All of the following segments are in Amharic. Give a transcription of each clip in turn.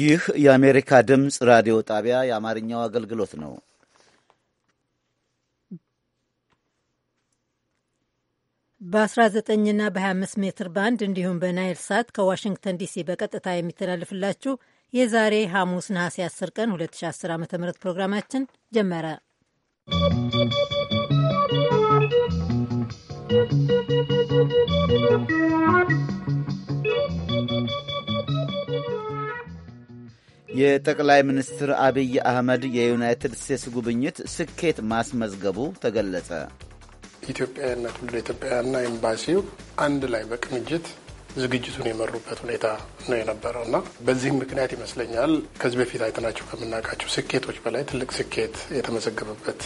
ይህ የአሜሪካ ድምፅ ራዲዮ ጣቢያ የአማርኛው አገልግሎት ነው። በ19ና በ25 ሜትር ባንድ እንዲሁም በናይል ሳት ከዋሽንግተን ዲሲ በቀጥታ የሚተላለፍላችሁ የዛሬ ሐሙስ ነሐሴ 10 ቀን 2010 ዓ ም ፕሮግራማችን ጀመረ። ¶¶ የጠቅላይ ሚኒስትር አብይ አህመድ የዩናይትድ ስቴትስ ጉብኝት ስኬት ማስመዝገቡ ተገለጸ። ኢትዮጵያውያንና ትውልደ ኢትዮጵያውያንና ኤምባሲው አንድ ላይ በቅንጅት ዝግጅቱን የመሩበት ሁኔታ ነው የነበረው እና በዚህም ምክንያት ይመስለኛል ከዚህ በፊት አይተናቸው ከምናውቃቸው ስኬቶች በላይ ትልቅ ስኬት የተመዘገበበት።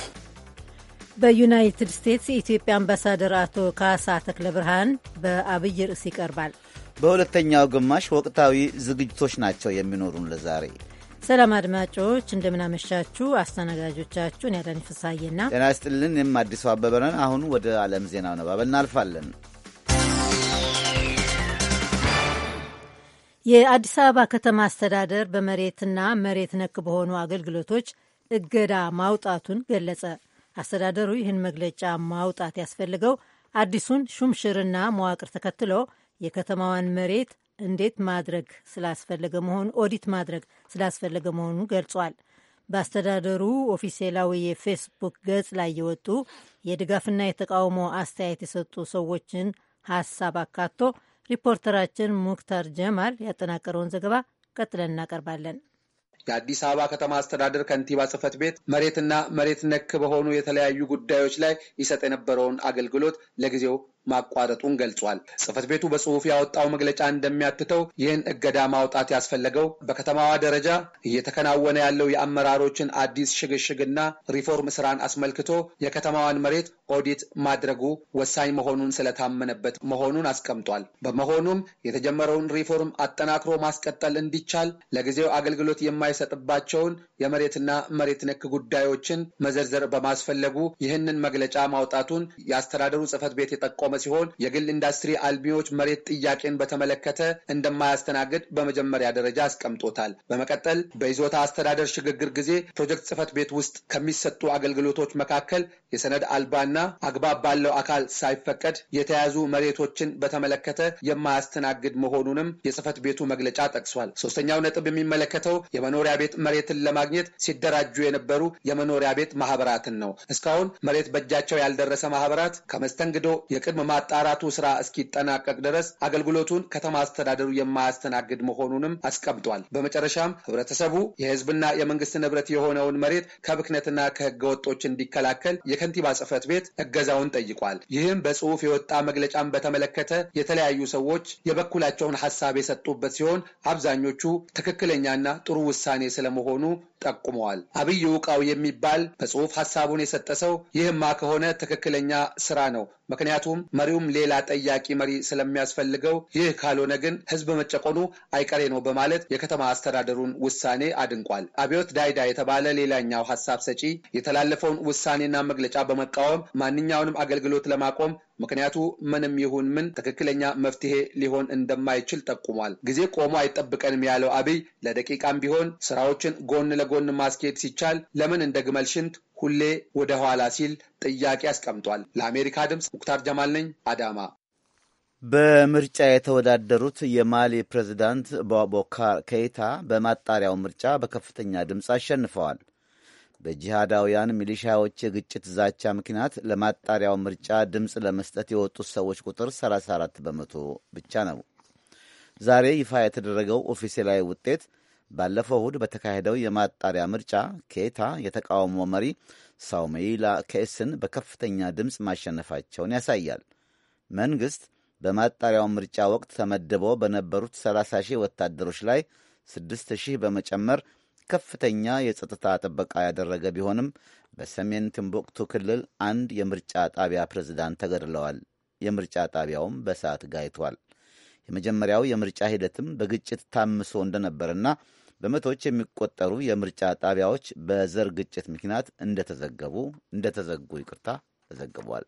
በዩናይትድ ስቴትስ የኢትዮጵያ አምባሳደር አቶ ካሳ ተክለ ብርሃን በአብይ ርዕስ ይቀርባል። በሁለተኛው ግማሽ ወቅታዊ ዝግጅቶች ናቸው የሚኖሩን ለዛሬ። ሰላም አድማጮች፣ እንደምናመሻችሁ። አስተናጋጆቻችሁን ያዳኒ ፍሳዬና ጤና ይስጥልን። እኔም አዲሱ አበበ ነን። አሁን ወደ ዓለም ዜና ነባበል እናልፋለን። የአዲስ አበባ ከተማ አስተዳደር በመሬትና መሬት ነክ በሆኑ አገልግሎቶች እገዳ ማውጣቱን ገለጸ። አስተዳደሩ ይህን መግለጫ ማውጣት ያስፈልገው አዲሱን ሹምሽርና መዋቅር ተከትሎ የከተማዋን መሬት እንዴት ማድረግ ስላስፈለገ መሆኑ ኦዲት ማድረግ ስላስፈለገ መሆኑ ገልጿል። በአስተዳደሩ ኦፊሴላዊ የፌስቡክ ገጽ ላይ የወጡ የድጋፍና የተቃውሞ አስተያየት የሰጡ ሰዎችን ሀሳብ አካቶ ሪፖርተራችን ሙክታር ጀማል ያጠናቀረውን ዘገባ ቀጥለን እናቀርባለን። የአዲስ አበባ ከተማ አስተዳደር ከንቲባ ጽህፈት ቤት መሬትና መሬት ነክ በሆኑ የተለያዩ ጉዳዮች ላይ ይሰጥ የነበረውን አገልግሎት ለጊዜው ማቋረጡን ገልጿል። ጽህፈት ቤቱ በጽሁፍ ያወጣው መግለጫ እንደሚያትተው ይህን እገዳ ማውጣት ያስፈለገው በከተማዋ ደረጃ እየተከናወነ ያለው የአመራሮችን አዲስ ሽግሽግና ሪፎርም ስራን አስመልክቶ የከተማዋን መሬት ኦዲት ማድረጉ ወሳኝ መሆኑን ስለታመነበት መሆኑን አስቀምጧል። በመሆኑም የተጀመረውን ሪፎርም አጠናክሮ ማስቀጠል እንዲቻል ለጊዜው አገልግሎት የማይሰጥባቸውን የመሬትና መሬት ነክ ጉዳዮችን መዘርዘር በማስፈለጉ ይህንን መግለጫ ማውጣቱን የአስተዳደሩ ጽህፈት ቤት የጠቆመ ሲሆን የግል ኢንዱስትሪ አልሚዎች መሬት ጥያቄን በተመለከተ እንደማያስተናግድ በመጀመሪያ ደረጃ አስቀምጦታል። በመቀጠል በይዞታ አስተዳደር ሽግግር ጊዜ ፕሮጀክት ጽህፈት ቤት ውስጥ ከሚሰጡ አገልግሎቶች መካከል የሰነድ አልባና አግባብ ባለው አካል ሳይፈቀድ የተያዙ መሬቶችን በተመለከተ የማያስተናግድ መሆኑንም የጽህፈት ቤቱ መግለጫ ጠቅሷል። ሶስተኛው ነጥብ የሚመለከተው የመኖሪያ ቤት መሬትን ለማግኘት ሲደራጁ የነበሩ የመኖሪያ ቤት ማህበራትን ነው። እስካሁን መሬት በእጃቸው ያልደረሰ ማህበራት ከመስተንግዶ የቅድ ማጣራቱ ስራ እስኪጠናቀቅ ድረስ አገልግሎቱን ከተማ አስተዳደሩ የማያስተናግድ መሆኑንም አስቀምጧል። በመጨረሻም ህብረተሰቡ የህዝብና የመንግስት ንብረት የሆነውን መሬት ከብክነትና ከህገ ወጦች እንዲከላከል የከንቲባ ጽህፈት ቤት እገዛውን ጠይቋል። ይህም በጽሁፍ የወጣ መግለጫን በተመለከተ የተለያዩ ሰዎች የበኩላቸውን ሀሳብ የሰጡበት ሲሆን አብዛኞቹ ትክክለኛና ጥሩ ውሳኔ ስለመሆኑ ጠቁመዋል። አብይ ውቃው የሚባል በጽሁፍ ሀሳቡን የሰጠ ሰው ይህማ ከሆነ ትክክለኛ ስራ ነው፣ ምክንያቱም መሪውም ሌላ ጠያቂ መሪ ስለሚያስፈልገው ይህ ካልሆነ ግን ህዝብ መጨቆኑ አይቀሬ ነው በማለት የከተማ አስተዳደሩን ውሳኔ አድንቋል። አብዮት ዳይዳ የተባለ ሌላኛው ሀሳብ ሰጪ የተላለፈውን ውሳኔና መግለጫ በመቃወም ማንኛውንም አገልግሎት ለማቆም ምክንያቱ ምንም ይሁን ምን ትክክለኛ መፍትሄ ሊሆን እንደማይችል ጠቁሟል። ጊዜ ቆሞ አይጠብቀንም ያለው አብይ ለደቂቃም ቢሆን ስራዎችን ጎን ለጎን ማስኬድ ሲቻል ለምን እንደ ግመል ሽንት ሁሌ ወደ ኋላ ሲል ጥያቄ አስቀምጧል። ለአሜሪካ ድምፅ ሙክታር ጀማል ነኝ አዳማ። በምርጫ የተወዳደሩት የማሊ ፕሬዚዳንት ቦቦካር ኬይታ በማጣሪያው ምርጫ በከፍተኛ ድምፅ አሸንፈዋል። በጂሃዳውያን ሚሊሻዎች የግጭት ዛቻ ምክንያት ለማጣሪያው ምርጫ ድምፅ ለመስጠት የወጡት ሰዎች ቁጥር 34 በመቶ ብቻ ነው። ዛሬ ይፋ የተደረገው ኦፊሴላዊ ውጤት ባለፈው እሁድ በተካሄደው የማጣሪያ ምርጫ ኬታ የተቃውሞ መሪ ሳውሜይላ ኬስን በከፍተኛ ድምፅ ማሸነፋቸውን ያሳያል። መንግሥት በማጣሪያው ምርጫ ወቅት ተመድበው በነበሩት 30 ሺህ ወታደሮች ላይ 6 ሺህ በመጨመር ከፍተኛ የጸጥታ ጥበቃ ያደረገ ቢሆንም በሰሜን ትንቦቅቱ ክልል አንድ የምርጫ ጣቢያ ፕሬዝዳንት ተገድለዋል። የምርጫ ጣቢያውም በሰዓት ጋይቷል። የመጀመሪያው የምርጫ ሂደትም በግጭት ታምሶ እንደነበርና በመቶዎች የሚቆጠሩ የምርጫ ጣቢያዎች በዘር ግጭት ምክንያት እንደተዘገቡ እንደተዘጉ ይቅርታ ተዘግቧል።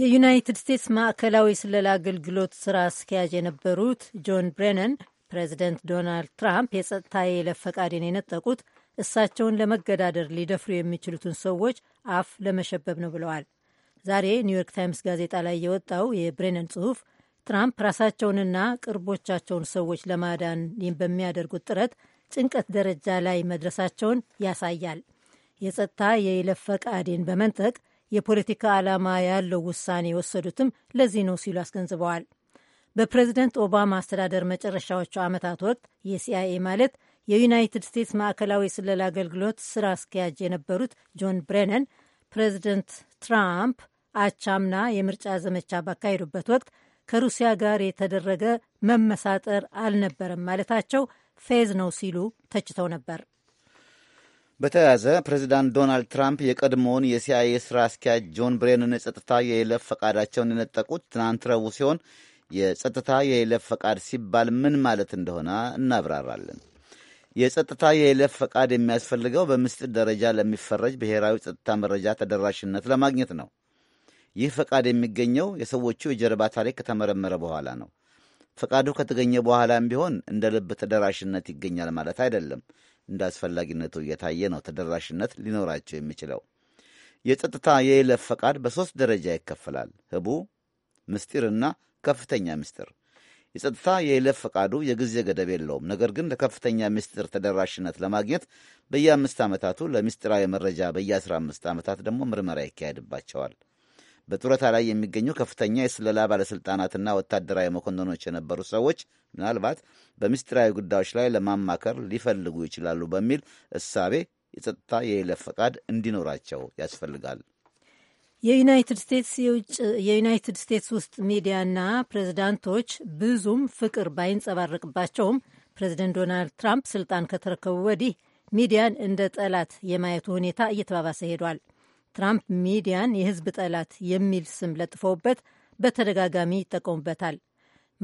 የዩናይትድ ስቴትስ ማዕከላዊ ስለላ አገልግሎት ስራ አስኪያጅ የነበሩት ጆን ብሬነን ፕሬዚደንት ዶናልድ ትራምፕ የጸጥታ የይለፍ ፈቃዴን የነጠቁት እሳቸውን ለመገዳደር ሊደፍሩ የሚችሉትን ሰዎች አፍ ለመሸበብ ነው ብለዋል። ዛሬ ኒውዮርክ ታይምስ ጋዜጣ ላይ የወጣው የብሬነን ጽሑፍ ትራምፕ ራሳቸውንና ቅርቦቻቸውን ሰዎች ለማዳን በሚያደርጉት ጥረት ጭንቀት ደረጃ ላይ መድረሳቸውን ያሳያል። የጸጥታ የይለፍ ፈቃዴን በመንጠቅ የፖለቲካ ዓላማ ያለው ውሳኔ የወሰዱትም ለዚህ ነው ሲሉ አስገንዝበዋል። በፕሬዝደንት ኦባማ አስተዳደር መጨረሻዎቹ ዓመታት ወቅት የሲአይኤ ማለት የዩናይትድ ስቴትስ ማዕከላዊ ስለላ አገልግሎት ስራ አስኪያጅ የነበሩት ጆን ብሬነን ፕሬዝደንት ትራምፕ አቻምና የምርጫ ዘመቻ ባካሄዱበት ወቅት ከሩሲያ ጋር የተደረገ መመሳጠር አልነበረም ማለታቸው ፌዝ ነው ሲሉ ተችተው ነበር። በተያያዘ ፕሬዚዳንት ዶናልድ ትራምፕ የቀድሞውን የሲአይኤ ስራ አስኪያጅ ጆን ብሬንን የጸጥታ የይለፍ ፈቃዳቸውን የነጠቁት ትናንት ረቡዕ ሲሆን የጸጥታ የይለፍ ፈቃድ ሲባል ምን ማለት እንደሆነ እናብራራለን። የጸጥታ የይለፍ ፈቃድ የሚያስፈልገው በምስጢር ደረጃ ለሚፈረጅ ብሔራዊ ጸጥታ መረጃ ተደራሽነት ለማግኘት ነው። ይህ ፈቃድ የሚገኘው የሰዎቹ የጀርባ ታሪክ ከተመረመረ በኋላ ነው። ፈቃዱ ከተገኘ በኋላም ቢሆን እንደ ልብ ተደራሽነት ይገኛል ማለት አይደለም። እንደ አስፈላጊነቱ እየታየ ነው ተደራሽነት ሊኖራቸው የሚችለው። የጸጥታ የይለፍ ፈቃድ በሦስት ደረጃ ይከፈላል፤ ህቡ፣ ምስጢርና ከፍተኛ ምስጢር። የጸጥታ የይለፍ ፈቃዱ የጊዜ ገደብ የለውም። ነገር ግን ለከፍተኛ ምስጢር ተደራሽነት ለማግኘት በየአምስት ዓመታቱ፣ ለምስጢራዊ መረጃ በየ አምስት ዓመታት ደግሞ ምርመራ ይካሄድባቸዋል። በጡረታ ላይ የሚገኙ ከፍተኛ የስለላ ባለሥልጣናትና ወታደራዊ መኮንኖች የነበሩ ሰዎች ምናልባት በምስጢራዊ ጉዳዮች ላይ ለማማከር ሊፈልጉ ይችላሉ በሚል እሳቤ የጸጥታ የይለፍ ፈቃድ እንዲኖራቸው ያስፈልጋል። የዩናይትድ ስቴትስ ውስጥ ሚዲያና ፕሬዝዳንቶች ብዙም ፍቅር ባይንጸባረቅባቸውም ፕሬዝደንት ዶናልድ ትራምፕ ስልጣን ከተረከቡ ወዲህ ሚዲያን እንደ ጠላት የማየቱ ሁኔታ እየተባባሰ ሄዷል። ትራምፕ ሚዲያን የህዝብ ጠላት የሚል ስም ለጥፈውበት በተደጋጋሚ ይጠቀሙበታል።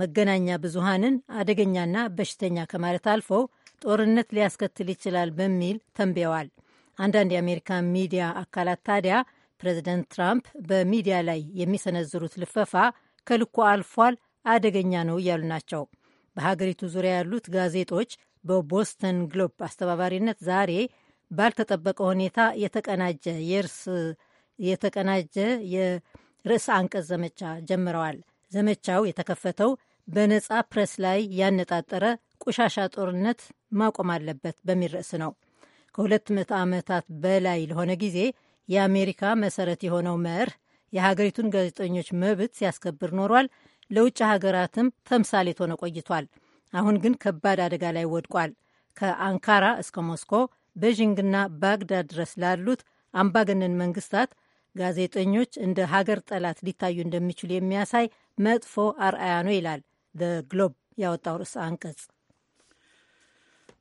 መገናኛ ብዙሃንን አደገኛና በሽተኛ ከማለት አልፈው ጦርነት ሊያስከትል ይችላል በሚል ተንብየዋል። አንዳንድ የአሜሪካ ሚዲያ አካላት ታዲያ ፕሬዚደንት ትራምፕ በሚዲያ ላይ የሚሰነዝሩት ልፈፋ ከልኩ አልፏል፣ አደገኛ ነው እያሉ ናቸው። በሀገሪቱ ዙሪያ ያሉት ጋዜጦች በቦስተን ግሎብ አስተባባሪነት ዛሬ ባልተጠበቀ ሁኔታ የተቀናጀ የእርስ የተቀናጀ የርዕሰ አንቀጽ ዘመቻ ጀምረዋል። ዘመቻው የተከፈተው በነጻ ፕሬስ ላይ ያነጣጠረ ቆሻሻ ጦርነት ማቆም አለበት በሚል ርዕስ ነው። ከሁለት መቶ ዓመታት በላይ ለሆነ ጊዜ የአሜሪካ መሰረት የሆነው መርህ የሀገሪቱን ጋዜጠኞች መብት ሲያስከብር ኖሯል። ለውጭ ሀገራትም ተምሳሌት ሆነ ቆይቷል። አሁን ግን ከባድ አደጋ ላይ ወድቋል። ከአንካራ እስከ ሞስኮ ቤዥንግና ባግዳድ ድረስ ላሉት አምባገነን መንግስታት ጋዜጠኞች እንደ ሀገር ጠላት ሊታዩ እንደሚችሉ የሚያሳይ መጥፎ አርአያ ነው ይላል ግሎብ ያወጣው ርዕሰ አንቀጽ።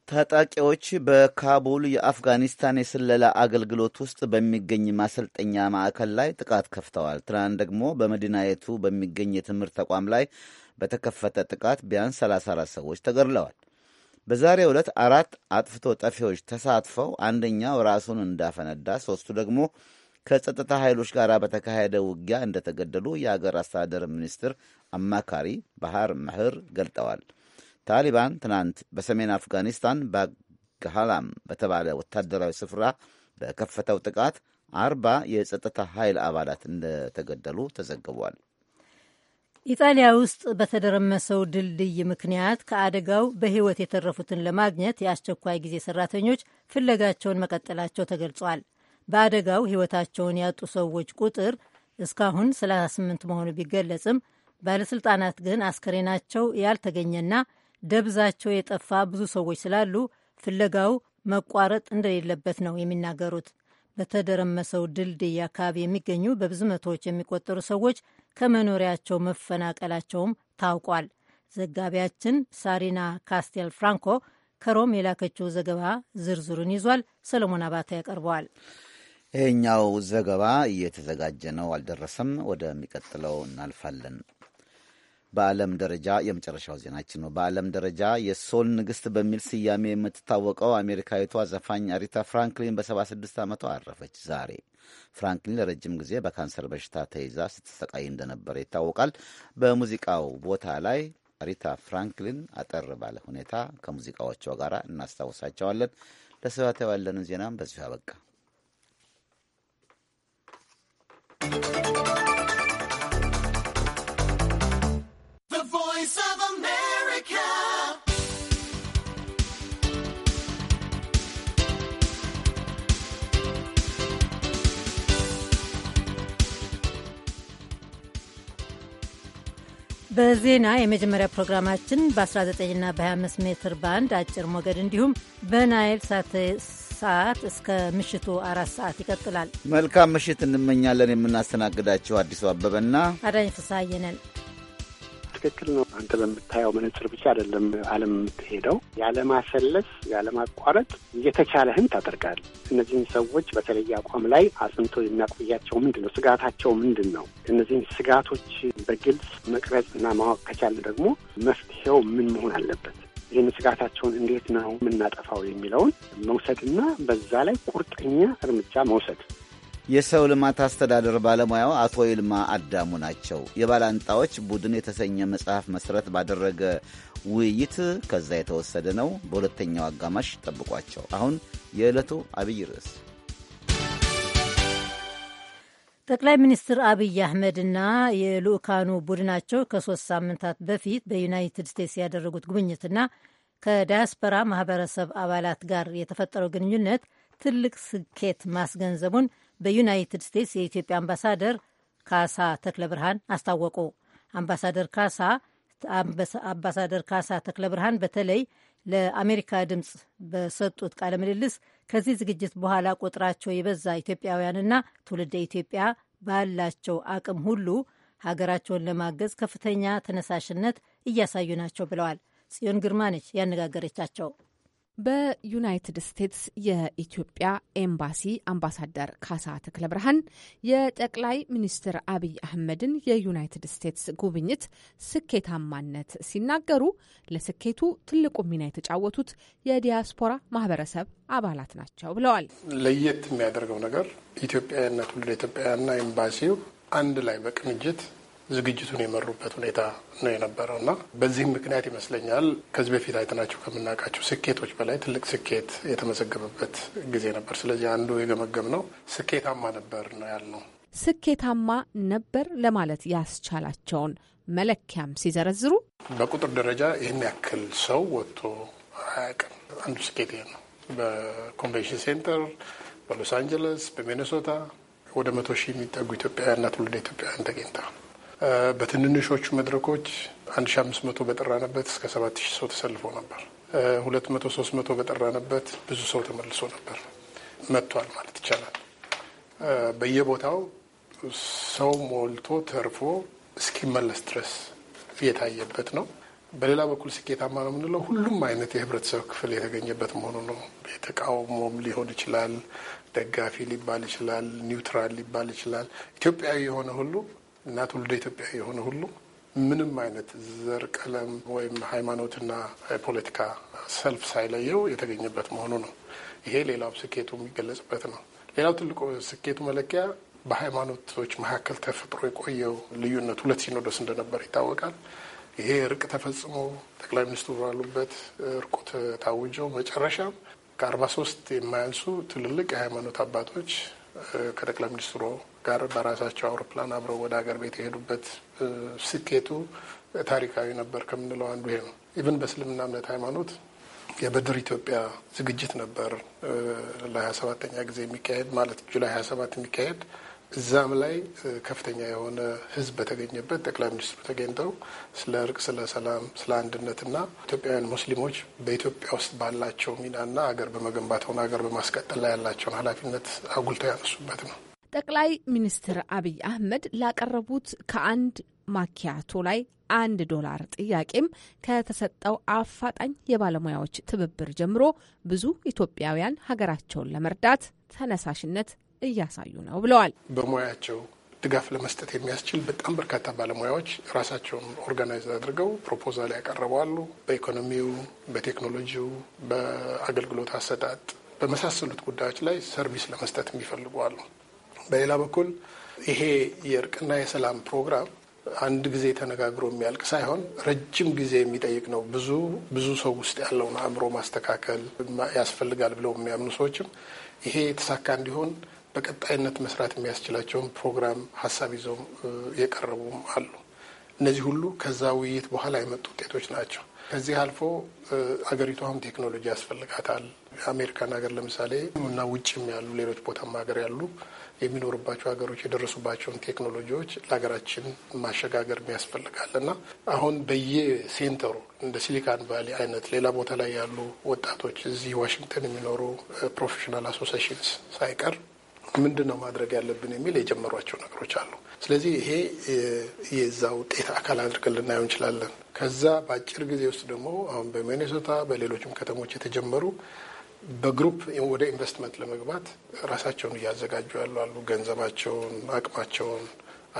ታጣቂዎች በካቡል የአፍጋኒስታን የስለላ አገልግሎት ውስጥ በሚገኝ ማሰልጠኛ ማዕከል ላይ ጥቃት ከፍተዋል። ትናንት ደግሞ በመዲናየቱ በሚገኝ የትምህርት ተቋም ላይ በተከፈተ ጥቃት ቢያንስ 34 ሰዎች ተገድለዋል። በዛሬ ዕለት አራት አጥፍቶ ጠፊዎች ተሳትፈው አንደኛው ራሱን እንዳፈነዳ፣ ሦስቱ ደግሞ ከጸጥታ ኃይሎች ጋር በተካሄደ ውጊያ እንደተገደሉ የአገር አስተዳደር ሚኒስትር አማካሪ ባህር መህር ገልጠዋል። ታሊባን ትናንት በሰሜን አፍጋኒስታን ባግሃላም በተባለ ወታደራዊ ስፍራ በከፈተው ጥቃት አርባ የጸጥታ ኃይል አባላት እንደተገደሉ ተዘግቧል። ኢጣሊያ ውስጥ በተደረመሰው ድልድይ ምክንያት ከአደጋው በሕይወት የተረፉትን ለማግኘት የአስቸኳይ ጊዜ ሰራተኞች ፍለጋቸውን መቀጠላቸው ተገልጿል። በአደጋው ሕይወታቸውን ያጡ ሰዎች ቁጥር እስካሁን 38 መሆኑ ቢገለጽም ባለሥልጣናት ግን አስከሬናቸው ያልተገኘና ደብዛቸው የጠፋ ብዙ ሰዎች ስላሉ ፍለጋው መቋረጥ እንደሌለበት ነው የሚናገሩት። በተደረመሰው ድልድይ አካባቢ የሚገኙ በብዙ መቶዎች የሚቆጠሩ ሰዎች ከመኖሪያቸው መፈናቀላቸውም ታውቋል። ዘጋቢያችን ሳሪና ካስቴል ፍራንኮ ከሮም የላከችው ዘገባ ዝርዝሩን ይዟል። ሰለሞን አባተ ያቀርበዋል። ይህኛው ዘገባ እየተዘጋጀ ነው፣ አልደረሰም። ወደሚቀጥለው እናልፋለን። በዓለም ደረጃ የመጨረሻው ዜናችን ነው። በዓለም ደረጃ የሶል ንግሥት በሚል ስያሜ የምትታወቀው አሜሪካዊቷ ዘፋኝ አሪታ ፍራንክሊን በ76 ዓመቷ አረፈች ዛሬ። ፍራንክሊን ለረጅም ጊዜ በካንሰር በሽታ ተይዛ ስትሰቃይ እንደነበረ ይታወቃል። በሙዚቃው ቦታ ላይ አሪታ ፍራንክሊን አጠር ባለ ሁኔታ ከሙዚቃዎቿ ጋር እናስታውሳቸዋለን። ለሰባት ያለንን ዜናም በዚሁ አበቃ። በዜና የመጀመሪያ ፕሮግራማችን በ19ና በ25 ሜትር ባንድ አጭር ሞገድ እንዲሁም በናይል ሰዓት እስከ ምሽቱ አራት ሰዓት ይቀጥላል። መልካም ምሽት እንመኛለን። የምናስተናግዳቸው አዲሱ አበበና አዳኝ ፍስሐዬ ነን። ትክክል ነው። አንተ በምታየው መነጽር ብቻ አይደለም ዓለም የምትሄደው። ያለማሰለስ ያለማቋረጥ እየተቻለህን ታደርጋል። እነዚህን ሰዎች በተለየ አቋም ላይ አጽንቶ የሚያቆያቸው ምንድን ነው? ስጋታቸው ምንድን ነው? እነዚህን ስጋቶች በግልጽ መቅረጽ እና ማወቅ ከቻለ ደግሞ መፍትሄው ምን መሆን አለበት ይህን ስጋታቸውን እንዴት ነው የምናጠፋው የሚለውን መውሰድና በዛ ላይ ቁርጠኛ እርምጃ መውሰድ የሰው ልማት አስተዳደር ባለሙያው አቶ ይልማ አዳሙ ናቸው። የባላንጣዎች ቡድን የተሰኘ መጽሐፍ መሠረት ባደረገ ውይይት ከዛ የተወሰደ ነው። በሁለተኛው አጋማሽ ጠብቋቸው። አሁን የዕለቱ አብይ ርዕስ ጠቅላይ ሚኒስትር አብይ አህመድና የልኡካኑ ቡድናቸው ከሶስት ሳምንታት በፊት በዩናይትድ ስቴትስ ያደረጉት ጉብኝትና ከዳያስፖራ ማህበረሰብ አባላት ጋር የተፈጠረው ግንኙነት ትልቅ ስኬት ማስገንዘቡን በዩናይትድ ስቴትስ የኢትዮጵያ አምባሳደር ካሳ ተክለ ብርሃን አስታወቁ። አምባሳደር ካሳ አምባሳደር ካሳ ተክለ ብርሃን በተለይ ለአሜሪካ ድምፅ በሰጡት ቃለ ምልልስ ከዚህ ዝግጅት በኋላ ቁጥራቸው የበዛ ኢትዮጵያውያንና ትውልደ ኢትዮጵያ ባላቸው አቅም ሁሉ ሀገራቸውን ለማገዝ ከፍተኛ ተነሳሽነት እያሳዩ ናቸው ብለዋል። ጽዮን ግርማ ነች ያነጋገረቻቸው። በዩናይትድ ስቴትስ የኢትዮጵያ ኤምባሲ አምባሳደር ካሳ ተክለ ብርሃን የጠቅላይ ሚኒስትር አብይ አህመድን የዩናይትድ ስቴትስ ጉብኝት ስኬታማነት ሲናገሩ ለስኬቱ ትልቁ ሚና የተጫወቱት የዲያስፖራ ማህበረሰብ አባላት ናቸው ብለዋል። ለየት የሚያደርገው ነገር ኢትዮጵያውያንና ትውልደ ኤምባሲው አንድ ላይ በቅንጅት ዝግጅቱን የመሩበት ሁኔታ ነው የነበረው እና በዚህም ምክንያት ይመስለኛል ከዚህ በፊት አይተናቸው ከምናውቃቸው ስኬቶች በላይ ትልቅ ስኬት የተመዘገበበት ጊዜ ነበር። ስለዚህ አንዱ የገመገም ነው ስኬታማ ነበር ነው ያልነው። ስኬታማ ነበር ለማለት ያስቻላቸውን መለኪያም ሲዘረዝሩ በቁጥር ደረጃ ይህን ያክል ሰው ወጥቶ አያውቅም። አንዱ ስኬት ነው። በኮንቬንሽን ሴንተር በሎስ አንጀለስ፣ በሚኔሶታ ወደ መቶ ሺህ የሚጠጉ ኢትዮጵያውያንና ትውልደ ኢትዮጵያውያን ተገኝተዋል። በትንንሾቹ መድረኮች 1500 በጠራንበት እስከ 7000 ሰው ተሰልፎ ነበር። 200 300 በጠራንበት ብዙ ሰው ተመልሶ ነበር መጥቷል ማለት ይቻላል። በየቦታው ሰው ሞልቶ ተርፎ እስኪመለስ ድረስ የታየበት ነው። በሌላ በኩል ስኬታማ ነው የምንለው ሁሉም አይነት የህብረተሰብ ክፍል የተገኘበት መሆኑ ነው። የተቃውሞም ሊሆን ይችላል፣ ደጋፊ ሊባል ይችላል፣ ኒውትራል ሊባል ይችላል። ኢትዮጵያዊ የሆነ ሁሉ እና ትውልደ ኢትዮጵያ የሆነ ሁሉ ምንም አይነት ዘር፣ ቀለም ወይም ሃይማኖትና ፖለቲካ ሰልፍ ሳይለየው የተገኘበት መሆኑ ነው። ይሄ ሌላው ስኬቱ የሚገለጽበት ነው። ሌላው ትልቁ ስኬቱ መለኪያ በሃይማኖቶች መካከል ተፈጥሮ የቆየው ልዩነት ሁለት ሲኖዶስ እንደነበር ይታወቃል። ይሄ እርቅ ተፈጽሞ ጠቅላይ ሚኒስትሩ ባሉበት እርቁ ታውጀው መጨረሻም ከአርባ ሶስት የማያንሱ ትልልቅ የሃይማኖት አባቶች ከጠቅላይ ሚኒስትሩ ጋር በራሳቸው አውሮፕላን አብረው ወደ ሀገር ቤት የሄዱበት ስኬቱ ታሪካዊ ነበር ከምንለው አንዱ ይሄ ነው። ኢቭን በእስልምና እምነት ሃይማኖት የበድር ኢትዮጵያ ዝግጅት ነበር ለሀያ ሰባተኛ ጊዜ የሚካሄድ ማለት ጁላይ ሀያ ሰባት የሚካሄድ እዛም ላይ ከፍተኛ የሆነ ህዝብ በተገኘበት ጠቅላይ ሚኒስትሩ ተገኝተው ስለ እርቅ፣ ስለ ሰላም፣ ስለ አንድነትና ኢትዮጵያውያን ሙስሊሞች በኢትዮጵያ ውስጥ ባላቸው ሚናና አገር በመገንባት ሆነ አገር በማስቀጠል ላይ ያላቸውን ኃላፊነት አጉልተው ያነሱበት ነው። ጠቅላይ ሚኒስትር አብይ አህመድ ላቀረቡት ከአንድ ማኪያቶ ላይ አንድ ዶላር ጥያቄም ከተሰጠው አፋጣኝ የባለሙያዎች ትብብር ጀምሮ ብዙ ኢትዮጵያውያን ሀገራቸውን ለመርዳት ተነሳሽነት እያሳዩ ነው ብለዋል። በሙያቸው ድጋፍ ለመስጠት የሚያስችል በጣም በርካታ ባለሙያዎች ራሳቸውን ኦርጋናይዝ አድርገው ፕሮፖዛል ያቀረባሉ። በኢኮኖሚው፣ በቴክኖሎጂው፣ በአገልግሎት አሰጣጥ በመሳሰሉት ጉዳዮች ላይ ሰርቪስ ለመስጠት የሚፈልጉ አሉ። በሌላ በኩል ይሄ የእርቅና የሰላም ፕሮግራም አንድ ጊዜ ተነጋግሮ የሚያልቅ ሳይሆን ረጅም ጊዜ የሚጠይቅ ነው። ብዙ ብዙ ሰው ውስጥ ያለውን አእምሮ ማስተካከል ያስፈልጋል ብለው የሚያምኑ ሰዎችም ይሄ የተሳካ እንዲሆን በቀጣይነት መስራት የሚያስችላቸውን ፕሮግራም ሀሳብ ይዘው የቀረቡም አሉ። እነዚህ ሁሉ ከዛ ውይይት በኋላ የመጡ ውጤቶች ናቸው። ከዚህ አልፎ አገሪቷም ቴክኖሎጂ ያስፈልጋታል። አሜሪካን ሀገር ለምሳሌ እና ውጭም ያሉ ሌሎች ቦታም ሀገር ያሉ የሚኖሩባቸው ሀገሮች የደረሱባቸውን ቴክኖሎጂዎች ለሀገራችን ማሸጋገር ያስፈልጋል እና አሁን በየሴንተሩ እንደ ሲሊካን ቫሊ አይነት ሌላ ቦታ ላይ ያሉ ወጣቶች እዚህ ዋሽንግተን የሚኖሩ ፕሮፌሽናል አሶሴሽንስ ሳይቀር ምንድን ነው ማድረግ ያለብን የሚል የጀመሯቸው ነገሮች አሉ። ስለዚህ ይሄ የዛ ውጤት አካል አድርገን ልናየው እንችላለን። ከዛ በአጭር ጊዜ ውስጥ ደግሞ አሁን በሚኔሶታ በሌሎችም ከተሞች የተጀመሩ በግሩፕ ወደ ኢንቨስትመንት ለመግባት ራሳቸውን እያዘጋጁ ያሉ አሉ። ገንዘባቸውን፣ አቅማቸውን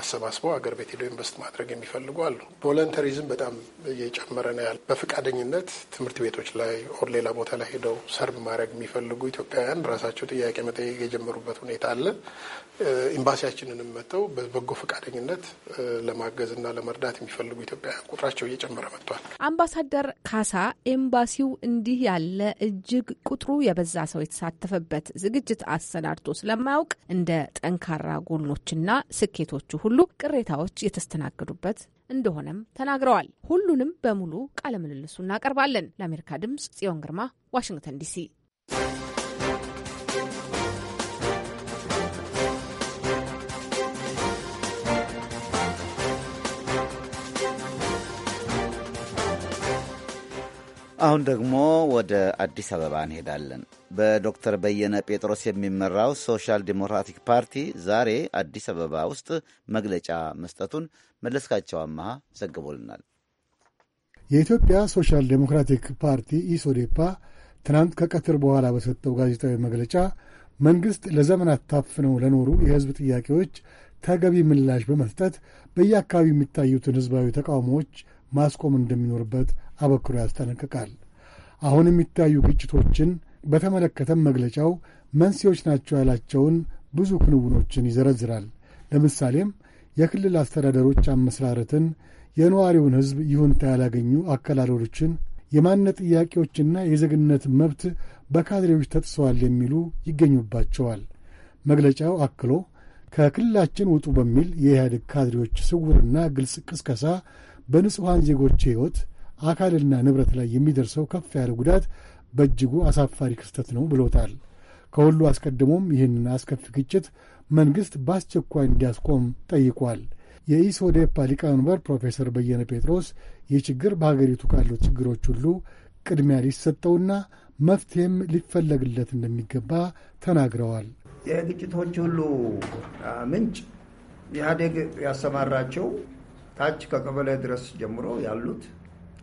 አሰባስበው አገር ቤት ሄደው ኢንቨስት ማድረግ የሚፈልጉ አሉ። ቮለንተሪዝም በጣም እየጨመረ ነው ያለ። በፈቃደኝነት ትምህርት ቤቶች ላይ ኦር ሌላ ቦታ ላይ ሄደው ሰርብ ማድረግ የሚፈልጉ ኢትዮጵያውያን ራሳቸው ጥያቄ መጠየቅ የጀመሩበት ሁኔታ አለ። ኤምባሲያችንንም መጥተው በበጎ ፈቃደኝነት ለማገዝና ለመርዳት የሚፈልጉ ኢትዮጵያውያን ቁጥራቸው እየጨመረ መጥቷል። አምባሳደር ካሳ ኤምባሲው እንዲህ ያለ እጅግ ቁጥሩ የበዛ ሰው የተሳተፈበት ዝግጅት አሰናድቶ ስለማያውቅ እንደ ጠንካራ ጎኖችና ስኬቶቹ ሁሉ ቅሬታዎች የተስተናገዱበት እንደሆነም ተናግረዋል። ሁሉንም በሙሉ ቃለምልልሱ እናቀርባለን። ለአሜሪካ ድምጽ ጽዮን ግርማ ዋሽንግተን ዲሲ አሁን ደግሞ ወደ አዲስ አበባ እንሄዳለን። በዶክተር በየነ ጴጥሮስ የሚመራው ሶሻል ዲሞክራቲክ ፓርቲ ዛሬ አዲስ አበባ ውስጥ መግለጫ መስጠቱን መለስካቸው አመሃ ዘግቦልናል። የኢትዮጵያ ሶሻል ዲሞክራቲክ ፓርቲ ኢሶዴፓ ትናንት ከቀትር በኋላ በሰጠው ጋዜጣዊ መግለጫ መንግሥት ለዘመናት ታፍነው ለኖሩ የሕዝብ ጥያቄዎች ተገቢ ምላሽ በመስጠት በየአካባቢው የሚታዩትን ሕዝባዊ ተቃውሞዎች ማስቆም እንደሚኖርበት አበክሮ ያስጠነቅቃል። አሁን የሚታዩ ግጭቶችን በተመለከተም መግለጫው መንስኤዎች ናቸው ያላቸውን ብዙ ክንውኖችን ይዘረዝራል። ለምሳሌም የክልል አስተዳደሮች አመስራረትን፣ የነዋሪውን ሕዝብ ይሁንታ ያላገኙ አከላለሎችን፣ የማንነት ጥያቄዎችና የዜግነት መብት በካድሬዎች ተጥሰዋል የሚሉ ይገኙባቸዋል። መግለጫው አክሎ ከክልላችን ውጡ በሚል የኢህአዴግ ካድሬዎች ስውርና ግልጽ ቅስቀሳ በንጹሐን ዜጎች ሕይወት አካልና ንብረት ላይ የሚደርሰው ከፍ ያለ ጉዳት በእጅጉ አሳፋሪ ክስተት ነው ብሎታል። ከሁሉ አስቀድሞም ይህንን አስከፊ ግጭት መንግሥት በአስቸኳይ እንዲያስቆም ጠይቋል። የኢሶዴፓ ሊቀመንበር ፕሮፌሰር በየነ ጴጥሮስ ይህ ችግር በሀገሪቱ ካሉት ችግሮች ሁሉ ቅድሚያ ሊሰጠውና መፍትሔም ሊፈለግለት እንደሚገባ ተናግረዋል። የግጭቶች ሁሉ ምንጭ ኢህአዴግ ያሰማራቸው ታች ከቀበሌ ድረስ ጀምሮ ያሉት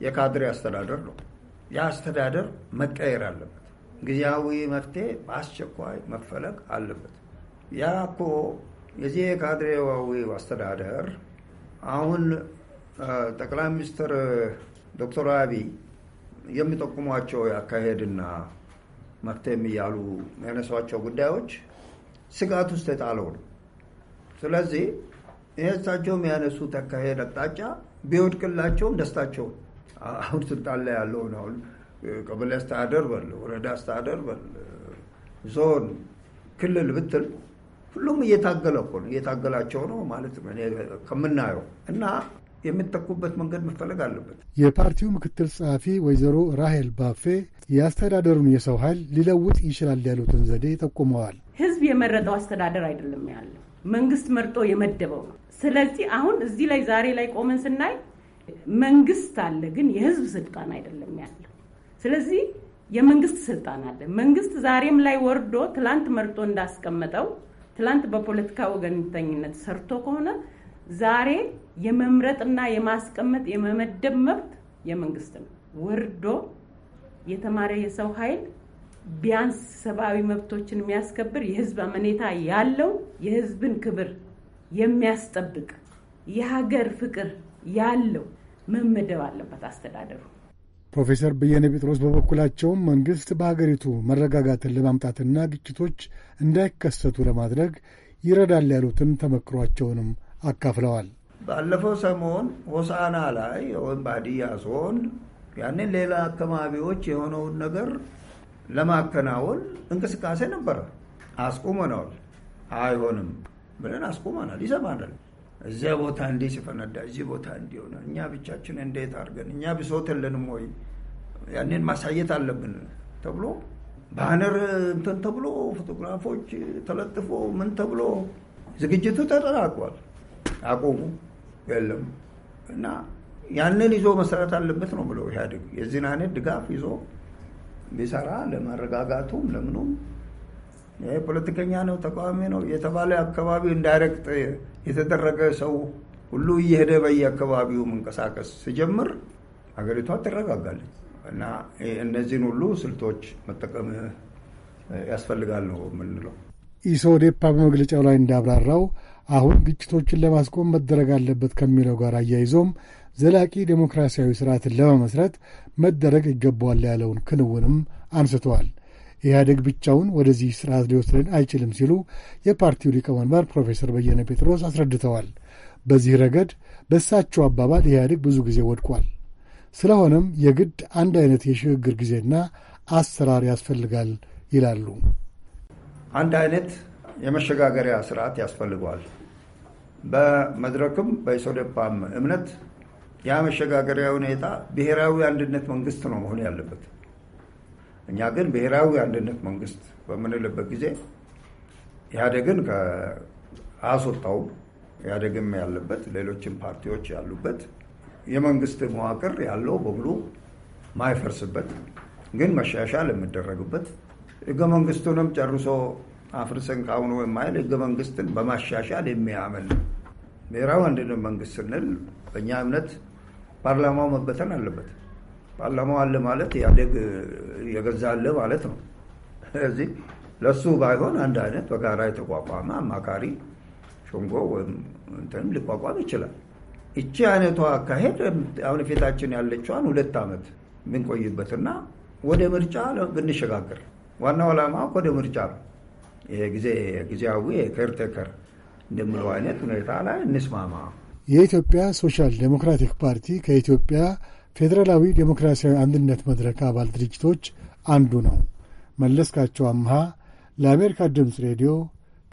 የካድሬ አስተዳደር ነው። ያ አስተዳደር መቀየር አለበት። ጊዜያዊ መፍትሄ በአስቸኳይ መፈለግ አለበት። ያ እኮ የዚህ የካድሬዋዊ አስተዳደር አሁን ጠቅላይ ሚኒስትር ዶክተር አብይ የሚጠቁሟቸው ያካሄድና መፍትሄም እያሉ የነሷቸው ጉዳዮች ስጋት ውስጥ የጣለው ነው። ስለዚህ ይህ እሳቸው የሚያነሱት አካሄድ አቅጣጫ ቢወድቅላቸውም ደስታቸው አሁን ስልጣን ላይ ያለውን አሁን ቀበሌ አስተዳደር በል ወረዳ አስተዳደር በል ዞን ክልል ብትል ሁሉም እየታገለ እኮ ነው እየታገላቸው ነው ማለት ከምናየው እና የሚተኩበት መንገድ መፈለግ አለበት። የፓርቲው ምክትል ጸሐፊ ወይዘሮ ራሄል ባፌ የአስተዳደሩን የሰው ኃይል ሊለውጥ ይችላል ያሉትን ዘዴ ጠቁመዋል። ህዝብ የመረጠው አስተዳደር አይደለም ያለው መንግስት መርጦ የመደበው ነው። ስለዚህ አሁን እዚህ ላይ ዛሬ ላይ ቆመን ስናይ መንግስት አለ፣ ግን የህዝብ ስልጣን አይደለም ያለው። ስለዚህ የመንግስት ስልጣን አለ። መንግስት ዛሬም ላይ ወርዶ ትላንት መርጦ እንዳስቀመጠው ትላንት በፖለቲካ ወገንተኝነት ሰርቶ ከሆነ ዛሬ የመምረጥና የማስቀመጥ የመመደብ መብት የመንግስት ነው። ወርዶ የተማረ የሰው ኃይል ቢያንስ ሰብአዊ መብቶችን የሚያስከብር የህዝብ አመኔታ ያለው የህዝብን ክብር የሚያስጠብቅ የሀገር ፍቅር ያለው መመደብ አለበት አስተዳደሩ። ፕሮፌሰር በየነ ጴጥሮስ በበኩላቸውም መንግሥት በሀገሪቱ መረጋጋትን ለማምጣትና ግጭቶች እንዳይከሰቱ ለማድረግ ይረዳል ያሉትን ተመክሯቸውንም አካፍለዋል። ባለፈው ሰሞን ሆሳና ላይ ወይም ባዲያ ዞን ያንን ሌላ አካባቢዎች የሆነውን ነገር ለማከናወን እንቅስቃሴ ነበረ። አስቁመነዋል። አይሆንም ብለን አስቆመናል። ይሰማናል። እዚያ ቦታ እንዴ ሲፈነዳ፣ እዚህ ቦታ እንዲሆነ እኛ ብቻችን እንዴት አድርገን እኛ ብሶት የለንም ወይ ያንን ማሳየት አለብን ተብሎ ባነር እንትን ተብሎ ፎቶግራፎች ተለጥፎ ምን ተብሎ ዝግጅቱ ተጠናቋል። አቆሙ የለም እና ያንን ይዞ መሰራት አለበት ነው ብለው ኢህአዴግ የዚህን አይነት ድጋፍ ይዞ ቢሰራ ለመረጋጋቱም ለምኑም ፖለቲከኛ ነው፣ ተቃዋሚ ነው የተባለ አካባቢ እንዳይረግጥ የተደረገ ሰው ሁሉ እየሄደ በየአካባቢው መንቀሳቀስ ሲጀምር ሀገሪቷ ትረጋጋለች። እና እነዚህን ሁሉ ስልቶች መጠቀም ያስፈልጋል ነው የምንለው። ኢሶዴፓ በመግለጫው ላይ እንዳብራራው አሁን ግጭቶችን ለማስቆም መደረግ አለበት ከሚለው ጋር አያይዞም ዘላቂ ዴሞክራሲያዊ ስርዓትን ለመመስረት መደረግ ይገባዋል ያለውን ክንውንም አንስተዋል። ኢህአዴግ ብቻውን ወደዚህ ስርዓት ሊወስደን አይችልም ሲሉ የፓርቲው ሊቀመንበር ፕሮፌሰር በየነ ጴጥሮስ አስረድተዋል። በዚህ ረገድ በእሳቸው አባባል ኢህአዴግ ብዙ ጊዜ ወድቋል። ስለሆነም የግድ አንድ አይነት የሽግግር ጊዜና አሰራር ያስፈልጋል ይላሉ። አንድ አይነት የመሸጋገሪያ ስርዓት ያስፈልገዋል። በመድረክም በኢሶደፓም እምነት ያ መሸጋገሪያ ሁኔታ ብሔራዊ አንድነት መንግስት ነው መሆን ያለበት። እኛ ግን ብሔራዊ አንድነት መንግስት በምንልበት ጊዜ ኢህአደግን ከአስወጣው ኢህአደግም ያለበት ሌሎችም ፓርቲዎች ያሉበት የመንግስት መዋቅር ያለው በሙሉ ማይፈርስበት ግን መሻሻል የሚደረግበት ህገ መንግስቱንም ጨርሶ አፍርሰን ካሁኑ የማይል ህገ መንግስትን በማሻሻል የሚያምን ብሔራዊ አንድነት መንግስት ስንል በእኛ እምነት ፓርላማው መበተን አለበት። ፓርላማው አለ ማለት ያደግ የገዛ አለ ማለት ነው። ስለዚህ ለሱ ባይሆን አንድ አይነት በጋራ የተቋቋመ አማካሪ ሸንጎ ወይም እንትንም ሊቋቋም ይችላል። ይቺ አይነቷ አካሄድ አሁን ፊታችን ያለችዋን ሁለት ዓመት ብንቆይበትና ወደ ምርጫ ብንሸጋገር ዋናው ዓላማ ወደ ምርጫ ነው። ጊዜ ጊዜያዊ ከርቴከር እንደምለው አይነት ሁኔታ ላይ እንስማማ። የኢትዮጵያ ሶሻል ዴሞክራቲክ ፓርቲ ከኢትዮጵያ ፌዴራላዊ ዴሞክራሲያዊ አንድነት መድረክ አባል ድርጅቶች አንዱ ነው። መለስካቸው አምሃ ለአሜሪካ ድምፅ ሬዲዮ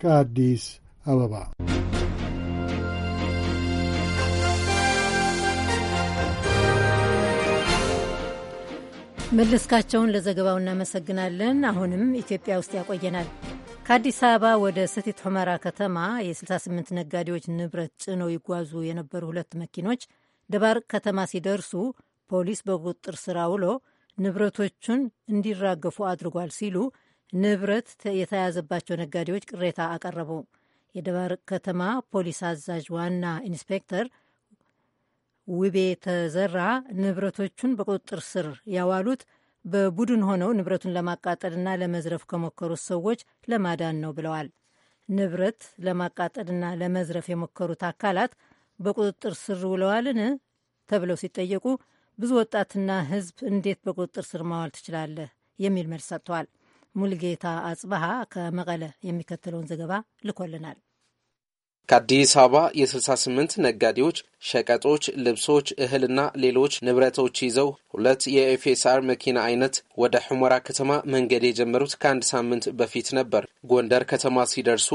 ከአዲስ አበባ። መለስካቸውን ለዘገባው እናመሰግናለን። አሁንም ኢትዮጵያ ውስጥ ያቆየናል። ከአዲስ አበባ ወደ ሰቲት ሁመራ ከተማ የ68 ነጋዴዎች ንብረት ጭነው ይጓዙ የነበሩ ሁለት መኪኖች ደባርቅ ከተማ ሲደርሱ ፖሊስ በቁጥጥር ስር አውሎ ንብረቶቹን እንዲራገፉ አድርጓል ሲሉ ንብረት የተያዘባቸው ነጋዴዎች ቅሬታ አቀረቡ። የደባርቅ ከተማ ፖሊስ አዛዥ ዋና ኢንስፔክተር ውቤ ተዘራ ንብረቶቹን በቁጥጥር ስር ያዋሉት በቡድን ሆነው ንብረቱን ለማቃጠልና ለመዝረፍ ከሞከሩት ሰዎች ለማዳን ነው ብለዋል። ንብረት ለማቃጠልና ለመዝረፍ የሞከሩት አካላት በቁጥጥር ስር ውለዋልን ተብለው ሲጠየቁ ብዙ ወጣትና ህዝብ እንዴት በቁጥጥር ስር ማዋል ትችላለህ? የሚል መልስ ሰጥተዋል። ሙልጌታ አጽበሃ ከመቀለ የሚከተለውን ዘገባ ልኮልናል። ከአዲስ አበባ የ68 ነጋዴዎች ሸቀጦች፣ ልብሶች፣ እህልና ሌሎች ንብረቶች ይዘው ሁለት የኤፌስአር መኪና አይነት ወደ ሑመራ ከተማ መንገድ የጀመሩት ከአንድ ሳምንት በፊት ነበር። ጎንደር ከተማ ሲደርሱ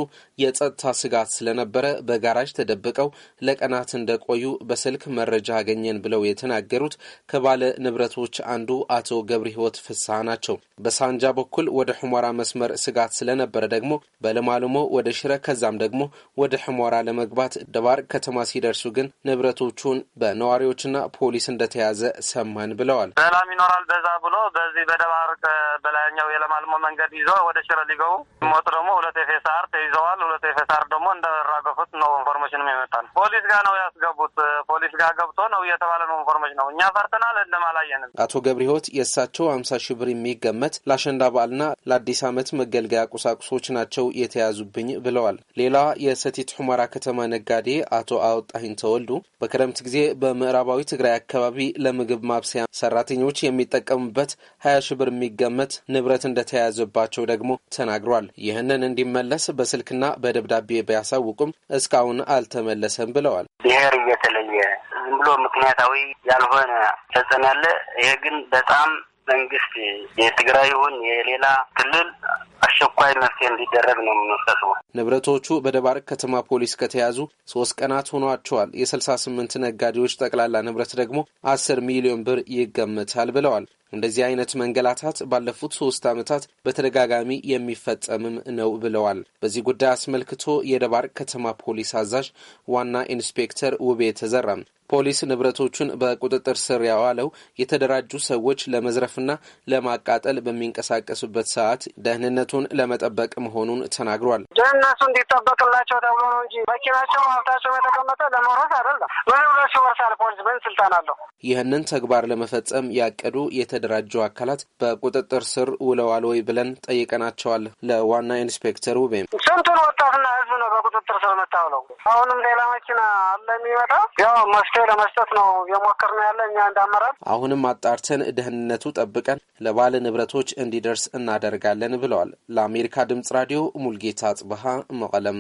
የጸጥታ ስጋት ስለነበረ በጋራጅ ተደብቀው ለቀናት እንደቆዩ በስልክ መረጃ አገኘን ብለው የተናገሩት ከባለ ንብረቶች አንዱ አቶ ገብረ ሕይወት ፍስሐ ናቸው። በሳንጃ በኩል ወደ ሑመራ መስመር ስጋት ስለነበረ ደግሞ በለማልሞ ወደ ሽረ ከዛም ደግሞ ወደ ሑመራ ለመግባት ደባርቅ ከተማ ሲደርሱ ግን ንብረቶቹን በነዋሪዎችና ፖሊስ እንደተያዘ ሰማን ብለዋል። ሰላም ይኖራል በዛ ብሎ በዚህ በደባርቅ በላይኛው የለማልሞ መንገድ ይዞ ወደ ሽረ ሊገቡ ሞት ደግሞ ሁለት የፌሳር ተይዘዋል። ሁለት የፌሳር ደግሞ እንደራገፉት ነው ኢንፎርሜሽን ነው ነው። ፖሊስ ጋር ነው ያስገቡት። ፖሊስ ጋር ገብቶ ነው እየተባለ ነው ኢንፎርሜሽን ነው። እኛ ፈርተናል፣ እንደማላየንም አቶ ገብረ ህይወት የእሳቸው ሀምሳ ሺህ ብር የሚገመት ለአሸንዳ በዓልና ለአዲስ ዓመት መገልገያ ቁሳቁሶች ናቸው የተያዙብኝ ብለዋል። ሌላዋ የሰቲት ሑመራ ከተማ ነጋዴ አቶ አወጣሂን ተወልዱ በክረምት ጊዜ በምዕራባዊ ትግራይ አካባቢ ለምግብ ማብሰያ ሰራተኞች የሚጠቀሙበት ሀያ ሺህ ብር የሚገመት ንብረት እንደተያያዘባቸው ደግሞ ተናግሯል። ይህንን እንዲመለስ በስልክና በደብዳቤ ቢያሳውቁም እስካሁን አ። አልተመለሰም ብለዋል። ብሔር እየተለየ ዝም ብሎ ምክንያታዊ ያልሆነ ተጽዕኖ ያለ ይሄ ግን በጣም መንግስት የትግራይ ይሁን የሌላ ክልል አስቸኳይ መፍትሄ እንዲደረግ ነው የምንወሰስበው። ንብረቶቹ በደባርቅ ከተማ ፖሊስ ከተያዙ ሶስት ቀናት ሆኗቸዋል። የስልሳ ስምንት ነጋዴዎች ጠቅላላ ንብረት ደግሞ አስር ሚሊዮን ብር ይገመታል ብለዋል። እንደዚህ አይነት መንገላታት ባለፉት ሶስት ዓመታት በተደጋጋሚ የሚፈጸምም ነው ብለዋል። በዚህ ጉዳይ አስመልክቶ የደባርቅ ከተማ ፖሊስ አዛዥ ዋና ኢንስፔክተር ውቤ ተዘራም ፖሊስ ንብረቶቹን በቁጥጥር ስር ያዋለው የተደራጁ ሰዎች ለመዝረፍና ለማቃጠል በሚንቀሳቀሱበት ሰዓት ደህንነቱ ደህንነቱን ለመጠበቅ መሆኑን ተናግሯል። ደህንነቱ እንዲጠበቅላቸው ተብሎ ነው እንጂ መኪናቸው ሀብታቸው የተቀመጠ ለመውረስ አይደለም። ምን ብሎ ሲወርሳል? ፖሊስ ምን ስልጣን አለው? ይህንን ተግባር ለመፈጸም ያቀዱ የተደራጁ አካላት በቁጥጥር ስር ውለዋል ወይ ብለን ጠይቀናቸዋል። ለዋና ኢንስፔክተር ውቤም ስንቱን ወጣትና ህዝብ ነው በቁጥጥር ስር የምታውለው አሁንም ሌላ መኪና የሚመጣ ያው መፍትሄ ለመስጠት ነው የሞከር ነው ያለ እኛ እንዳመራል። አሁንም አጣርተን ደህንነቱ ጠብቀን ለባለ ንብረቶች እንዲደርስ እናደርጋለን ብለዋል ለአሜሪካ ድምፅ ራዲዮ ሙልጌታ ጽብሃ መቐለም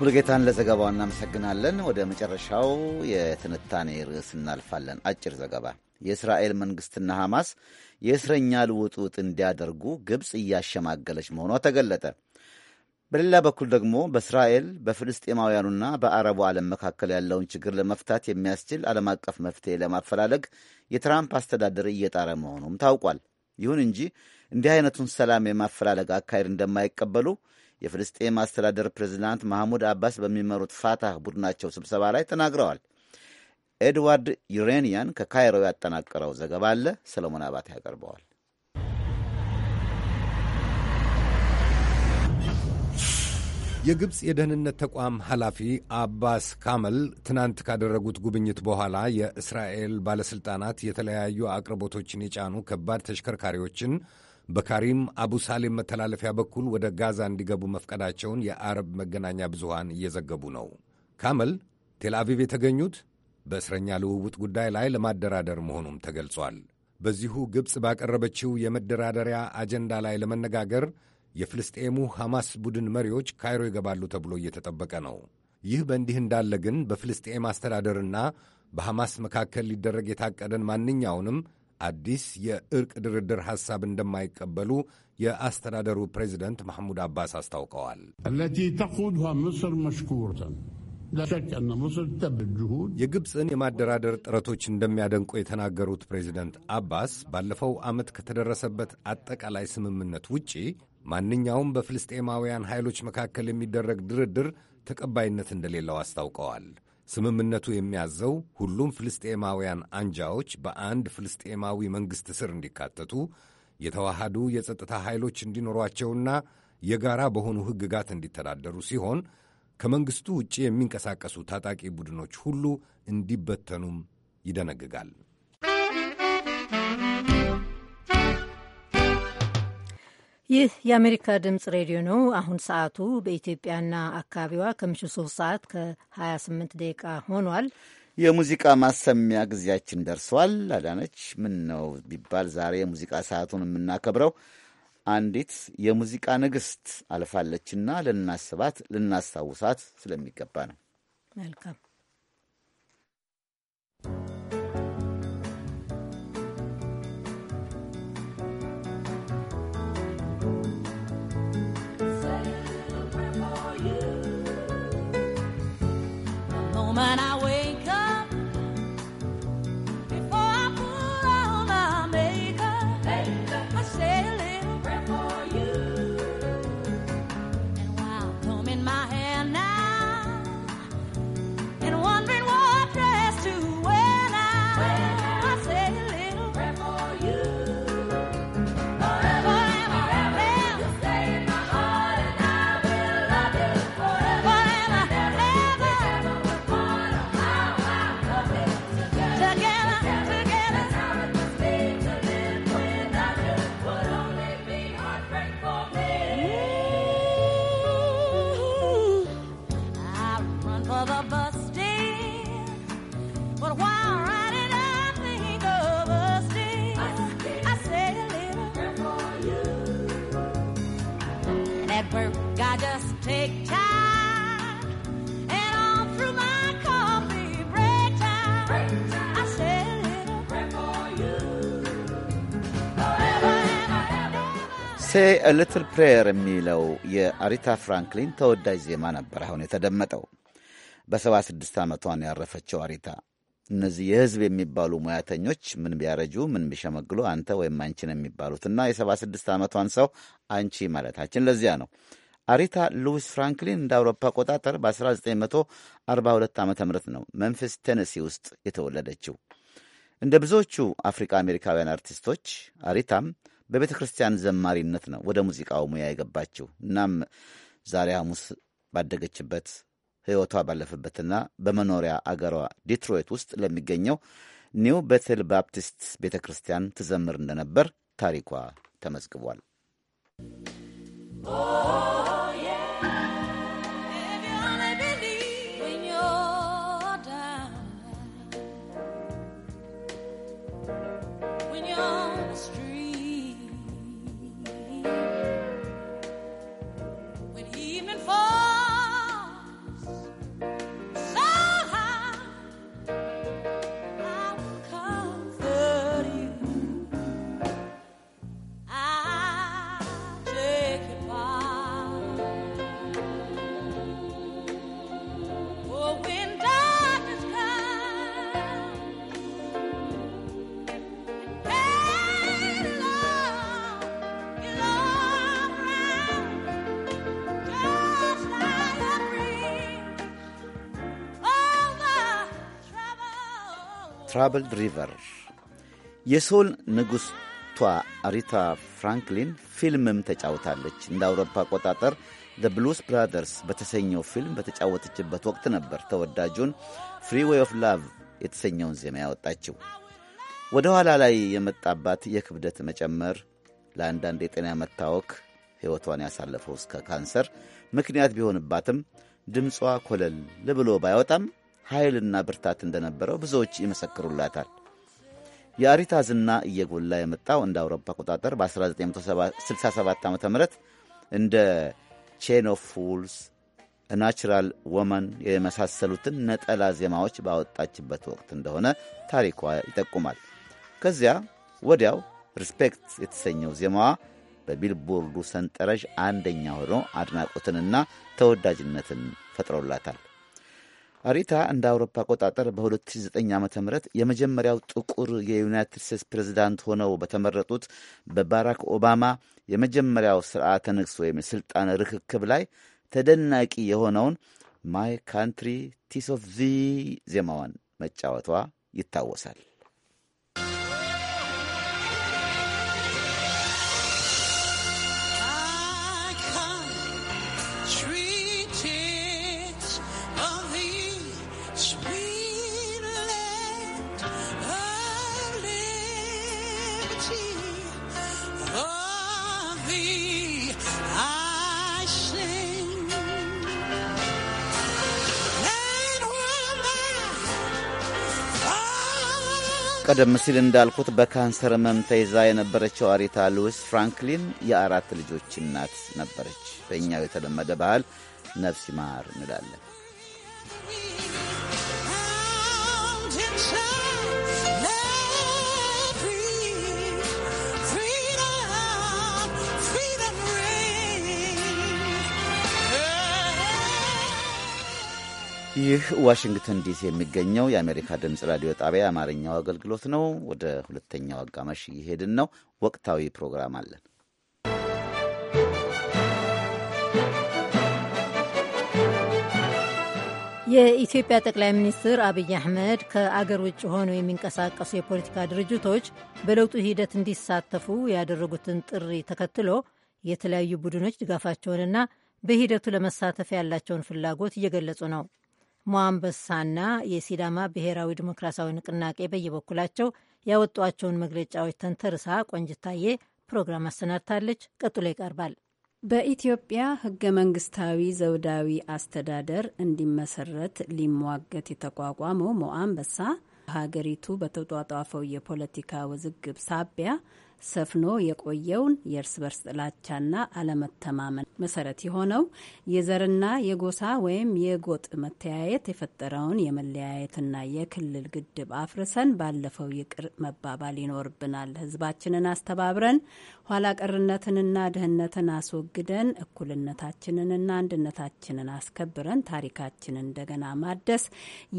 ሙልጌታን ለዘገባው እናመሰግናለን። ወደ መጨረሻው የትንታኔ ርዕስ እናልፋለን። አጭር ዘገባ። የእስራኤል መንግሥትና ሐማስ የእስረኛ ልውውጥ እንዲያደርጉ ግብፅ እያሸማገለች መሆኗ ተገለጠ። በሌላ በኩል ደግሞ በእስራኤል በፍልስጤማውያኑና በአረቡ ዓለም መካከል ያለውን ችግር ለመፍታት የሚያስችል ዓለም አቀፍ መፍትሄ ለማፈላለግ የትራምፕ አስተዳደር እየጣረ መሆኑም ታውቋል። ይሁን እንጂ እንዲህ አይነቱን ሰላም የማፈላለግ አካሄድ እንደማይቀበሉ የፍልስጤም አስተዳደር ፕሬዚዳንት ማህሙድ አባስ በሚመሩት ፋታህ ቡድናቸው ስብሰባ ላይ ተናግረዋል። ኤድዋርድ ዩሬኒያን ከካይሮ ያጠናቀረው ዘገባ አለ። ሰለሞን አባቴ ያቀርበዋል። የግብፅ የደህንነት ተቋም ኃላፊ አባስ ካመል ትናንት ካደረጉት ጉብኝት በኋላ የእስራኤል ባለሥልጣናት የተለያዩ አቅርቦቶችን የጫኑ ከባድ ተሽከርካሪዎችን በካሪም አቡ ሳሌም መተላለፊያ በኩል ወደ ጋዛ እንዲገቡ መፍቀዳቸውን የአረብ መገናኛ ብዙሃን እየዘገቡ ነው። ካመል ቴልአቪቭ የተገኙት በእስረኛ ልውውጥ ጉዳይ ላይ ለማደራደር መሆኑም ተገልጿል። በዚሁ ግብፅ ባቀረበችው የመደራደሪያ አጀንዳ ላይ ለመነጋገር የፍልስጤሙ ሐማስ ቡድን መሪዎች ካይሮ ይገባሉ ተብሎ እየተጠበቀ ነው። ይህ በእንዲህ እንዳለ ግን በፍልስጤም አስተዳደርና በሐማስ መካከል ሊደረግ የታቀደን ማንኛውንም አዲስ የእርቅ ድርድር ሐሳብ እንደማይቀበሉ የአስተዳደሩ ፕሬዚደንት ማሕሙድ አባስ አስታውቀዋል። አለቲ ምስር መሽኩርተን የግብፅን የማደራደር ጥረቶች እንደሚያደንቁ የተናገሩት ፕሬዚደንት አባስ ባለፈው ዓመት ከተደረሰበት አጠቃላይ ስምምነት ውጪ ማንኛውም በፍልስጤማውያን ኃይሎች መካከል የሚደረግ ድርድር ተቀባይነት እንደሌለው አስታውቀዋል። ስምምነቱ የሚያዘው ሁሉም ፍልስጤማውያን አንጃዎች በአንድ ፍልስጤማዊ መንግሥት ስር እንዲካተቱ የተዋሃዱ የጸጥታ ኃይሎች እንዲኖሯቸውና የጋራ በሆኑ ሕግጋት እንዲተዳደሩ ሲሆን ከመንግሥቱ ውጭ የሚንቀሳቀሱ ታጣቂ ቡድኖች ሁሉ እንዲበተኑም ይደነግጋል። ይህ የአሜሪካ ድምፅ ሬዲዮ ነው። አሁን ሰዓቱ በኢትዮጵያና አካባቢዋ ከምሽቱ 3 ሰዓት ከ28 ደቂቃ ሆኗል። የሙዚቃ ማሰሚያ ጊዜያችን ደርሷል። አዳነች፣ ምን ነው ቢባል ዛሬ የሙዚቃ ሰዓቱን የምናከብረው አንዲት የሙዚቃ ንግሥት አልፋለችና ልናስባት ልናስታውሳት ስለሚገባ ነው። መልካም take time. And የሚለው የአሪታ ፍራንክሊን ተወዳጅ ዜማ ነበር አሁን የተደመጠው። በ76 ዓመቷን ያረፈችው አሪታ እነዚህ የህዝብ የሚባሉ ሙያተኞች ምን ቢያረጁ ምን ቢሸመግሉ አንተ ወይም አንቺን የሚባሉት እና የ76 ዓመቷን ሰው አንቺ ማለታችን ለዚያ ነው። አሪታ ሉዊስ ፍራንክሊን እንደ አውሮፓ አቆጣጠር በ1942 ዓ ም ነው መንፊስ ቴነሲ ውስጥ የተወለደችው። እንደ ብዙዎቹ አፍሪካ አሜሪካውያን አርቲስቶች አሪታም በቤተ ክርስቲያን ዘማሪነት ነው ወደ ሙዚቃው ሙያ የገባችው። እናም ዛሬ ሐሙስ ባደገችበት ሕይወቷ ባለፈበትና በመኖሪያ አገሯ ዲትሮይት ውስጥ ለሚገኘው ኒው ቤቴል ባፕቲስት ቤተ ክርስቲያን ትዘምር እንደነበር ታሪኳ ተመዝግቧል። ትራብልድ ሪቨር የሶል ንጉሥቷ አሪታ ፍራንክሊን ፊልምም ተጫውታለች። እንደ አውሮፓ አቆጣጠር ዘ ብሉስ ብራደርስ በተሰኘው ፊልም በተጫወተችበት ወቅት ነበር ተወዳጁን ፍሪዌይ ኦፍ ላቭ የተሰኘውን ዜማ ያወጣችው። ወደ ኋላ ላይ የመጣባት የክብደት መጨመር ለአንዳንድ የጤና መታወክ ሕይወቷን ያሳለፈው እስከ ካንሰር ምክንያት ቢሆንባትም ድምጿ ኮለል ብሎ ባይወጣም ኃይልና ብርታት እንደነበረው ብዙዎች ይመሰክሩላታል። የአሪታ ዝና እየጎላ የመጣው እንደ አውሮፓ አቆጣጠር በ1967 ዓ ም እንደ ቼን ኦፍ ፉልስ፣ ናቹራል ወመን የመሳሰሉትን ነጠላ ዜማዎች ባወጣችበት ወቅት እንደሆነ ታሪኳ ይጠቁማል። ከዚያ ወዲያው ሪስፔክት የተሰኘው ዜማዋ በቢልቦርዱ ሰንጠረዥ አንደኛ ሆኖ አድናቆትንና ተወዳጅነትን ፈጥሮላታል። አሪታ እንደ አውሮፓ አቆጣጠር በ2009 ዓ ም የመጀመሪያው ጥቁር የዩናይትድ ስቴትስ ፕሬዚዳንት ሆነው በተመረጡት በባራክ ኦባማ የመጀመሪያው ስርዓተ ንግሥ ወይም የሥልጣን ርክክብ ላይ ተደናቂ የሆነውን ማይ ካንትሪ ቲስ ኦፍ ዚ ዜማዋን መጫወቷ ይታወሳል። ቀደም ሲል እንዳልኩት በካንሰር ህመም ተይዛ የነበረችው አሪታ ሉዊስ ፍራንክሊን የአራት ልጆች እናት ነበረች። በእኛው የተለመደ ባህል ነፍስ ይማር እንላለን። ይህ ዋሽንግተን ዲሲ የሚገኘው የአሜሪካ ድምፅ ራዲዮ ጣቢያ የአማርኛው አገልግሎት ነው። ወደ ሁለተኛው አጋማሽ እየሄድን ነው። ወቅታዊ ፕሮግራም አለን። የኢትዮጵያ ጠቅላይ ሚኒስትር አብይ አህመድ ከአገር ውጭ ሆነው የሚንቀሳቀሱ የፖለቲካ ድርጅቶች በለውጡ ሂደት እንዲሳተፉ ያደረጉትን ጥሪ ተከትሎ የተለያዩ ቡድኖች ድጋፋቸውንና በሂደቱ ለመሳተፍ ያላቸውን ፍላጎት እየገለጹ ነው። ሞአንበሳና የሲዳማ ብሔራዊ ዲሞክራሲያዊ ንቅናቄ በየበኩላቸው ያወጧቸውን መግለጫዎች ተንተርሳ ቆንጅታዬ ፕሮግራም አሰናድታለች። ቀጥሎ ይቀርባል። በኢትዮጵያ ህገ መንግስታዊ ዘውዳዊ አስተዳደር እንዲመሰረት ሊሟገት የተቋቋመው ሞአንበሳ ሀገሪቱ በተጧጧፈው የፖለቲካ ውዝግብ ሳቢያ ሰፍኖ የቆየውን የእርስ በርስ ጥላቻና አለመተማመን መሰረት የሆነው የዘርና የጎሳ ወይም የጎጥ መተያየት የፈጠረውን የመለያየትና የክልል ግድብ አፍርሰን ባለፈው ይቅር መባባል ይኖርብናል። ህዝባችንን አስተባብረን ኋላ ቀርነትንና ድህነትን አስወግደን እኩልነታችንንና አንድነታችንን አስከብረን ታሪካችንን እንደገና ማደስ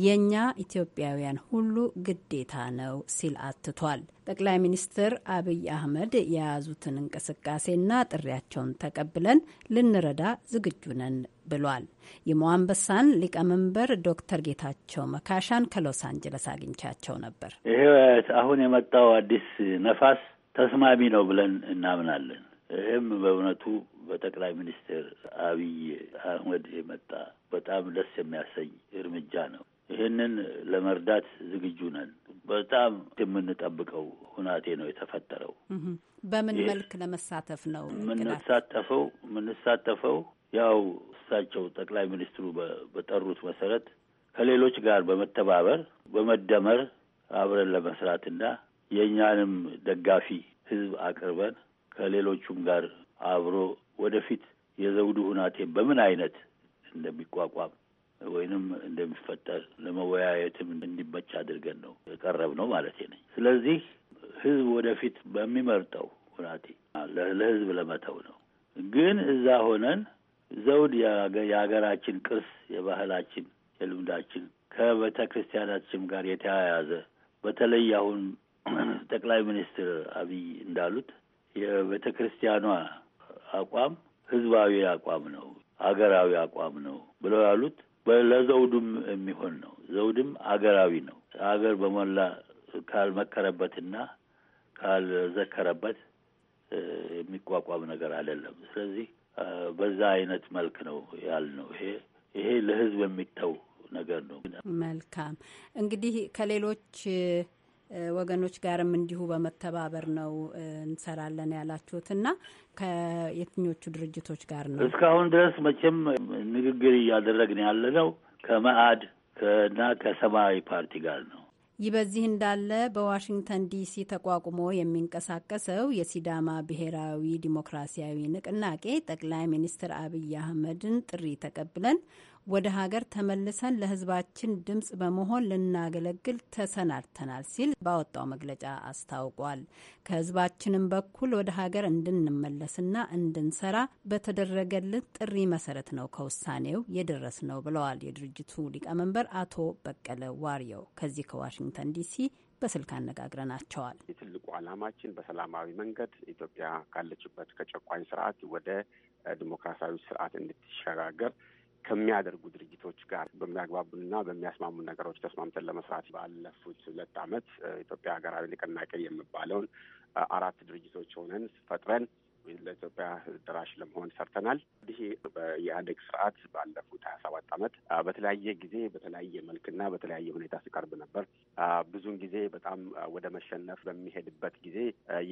የእኛ ኢትዮጵያውያን ሁሉ ግዴታ ነው ሲል አትቷል። ጠቅላይ ሚኒስትር አብይ አህመድ የያዙትን እንቅስቃሴና ጥሪያቸውን ተቀብለን ልንረዳ ዝግጁ ነን ብሏል። የሞአንበሳን ሊቀመንበር ዶክተር ጌታቸው መካሻን ከሎስ አንጀለስ አግኝቻቸው ነበር። ይሄ አሁን የመጣው አዲስ ነፋስ ተስማሚ ነው ብለን እናምናለን። ይህም በእውነቱ በጠቅላይ ሚኒስትር አብይ አህመድ የመጣ በጣም ደስ የሚያሰኝ እርምጃ ነው። ይህንን ለመርዳት ዝግጁ ነን። በጣም የምንጠብቀው ሁናቴ ነው የተፈጠረው። በምን መልክ ለመሳተፍ ነው የምንሳተፈው? የምንሳተፈው ያው እሳቸው ጠቅላይ ሚኒስትሩ በጠሩት መሰረት ከሌሎች ጋር በመተባበር በመደመር አብረን ለመስራትና የእኛንም ደጋፊ ህዝብ አቅርበን ከሌሎቹም ጋር አብሮ ወደፊት የዘውዱ ሁናቴ በምን አይነት እንደሚቋቋም ወይንም እንደሚፈጠር ለመወያየትም እንዲመች አድርገን ነው የቀረብ ነው ማለት ነኝ። ስለዚህ ህዝብ ወደፊት በሚመርጠው ሁናቴ ለህዝብ ለመተው ነው። ግን እዛ ሆነን ዘውድ የሀገራችን ቅርስ የባህላችን የልምዳችን ከቤተ ክርስቲያናችን ጋር የተያያዘ በተለይ አሁን ጠቅላይ ሚኒስትር አብይ እንዳሉት የቤተ ክርስቲያኗ አቋም ህዝባዊ አቋም ነው፣ አገራዊ አቋም ነው ብለው ያሉት ለዘውዱም የሚሆን ነው። ዘውድም አገራዊ ነው። አገር በሞላ ካልመከረበትና ካልዘከረበት የሚቋቋም ነገር አይደለም። ስለዚህ በዛ አይነት መልክ ነው ያልነው። ይሄ ይሄ ለህዝብ የሚተው ነገር ነው። መልካም እንግዲህ ከሌሎች ወገኖች ጋርም እንዲሁ በመተባበር ነው እንሰራለን ያላችሁት እና ከየትኞቹ ድርጅቶች ጋር ነው እስካሁን ድረስ? መቼም ንግግር እያደረግን ያለ ነው ከመአድ እና ከሰማያዊ ፓርቲ ጋር ነው። ይህ በዚህ እንዳለ በዋሽንግተን ዲሲ ተቋቁሞ የሚንቀሳቀሰው የሲዳማ ብሔራዊ ዲሞክራሲያዊ ንቅናቄ ጠቅላይ ሚኒስትር አብይ አህመድን ጥሪ ተቀብለን ወደ ሀገር ተመልሰን ለሕዝባችን ድምፅ በመሆን ልናገለግል ተሰናድተናል ሲል ባወጣው መግለጫ አስታውቋል። ከሕዝባችንም በኩል ወደ ሀገር እንድንመለስና እንድንሰራ በተደረገልን ጥሪ መሰረት ነው ከውሳኔው የደረስ ነው ብለዋል የድርጅቱ ሊቀመንበር አቶ በቀለ ዋርየው ከዚህ ከዋሽንግተን ዋሽንግተን ዲሲ በስልክ አነጋግረናቸዋል። ትልቁ ዓላማችን በሰላማዊ መንገድ ኢትዮጵያ ካለችበት ከጨቋኝ ስርዓት ወደ ዲሞክራሲያዊ ስርዓት እንድትሸጋገር ከሚያደርጉ ድርጅቶች ጋር በሚያግባቡንና በሚያስማሙ ነገሮች ተስማምተን ለመስራት ባለፉት ሁለት ዓመት ኢትዮጵያ ሀገራዊ ንቅናቄ የሚባለውን አራት ድርጅቶች ሆነን ፈጥረን ለኢትዮጵያ ድራሽ ለመሆን ሰርተናል። ይህ የኢህአዴግ ስርዓት ባለፉት ሀያ ሰባት አመት በተለያየ ጊዜ በተለያየ መልክና በተለያየ ሁኔታ ሲቀርብ ነበር። ብዙውን ጊዜ በጣም ወደ መሸነፍ በሚሄድበት ጊዜ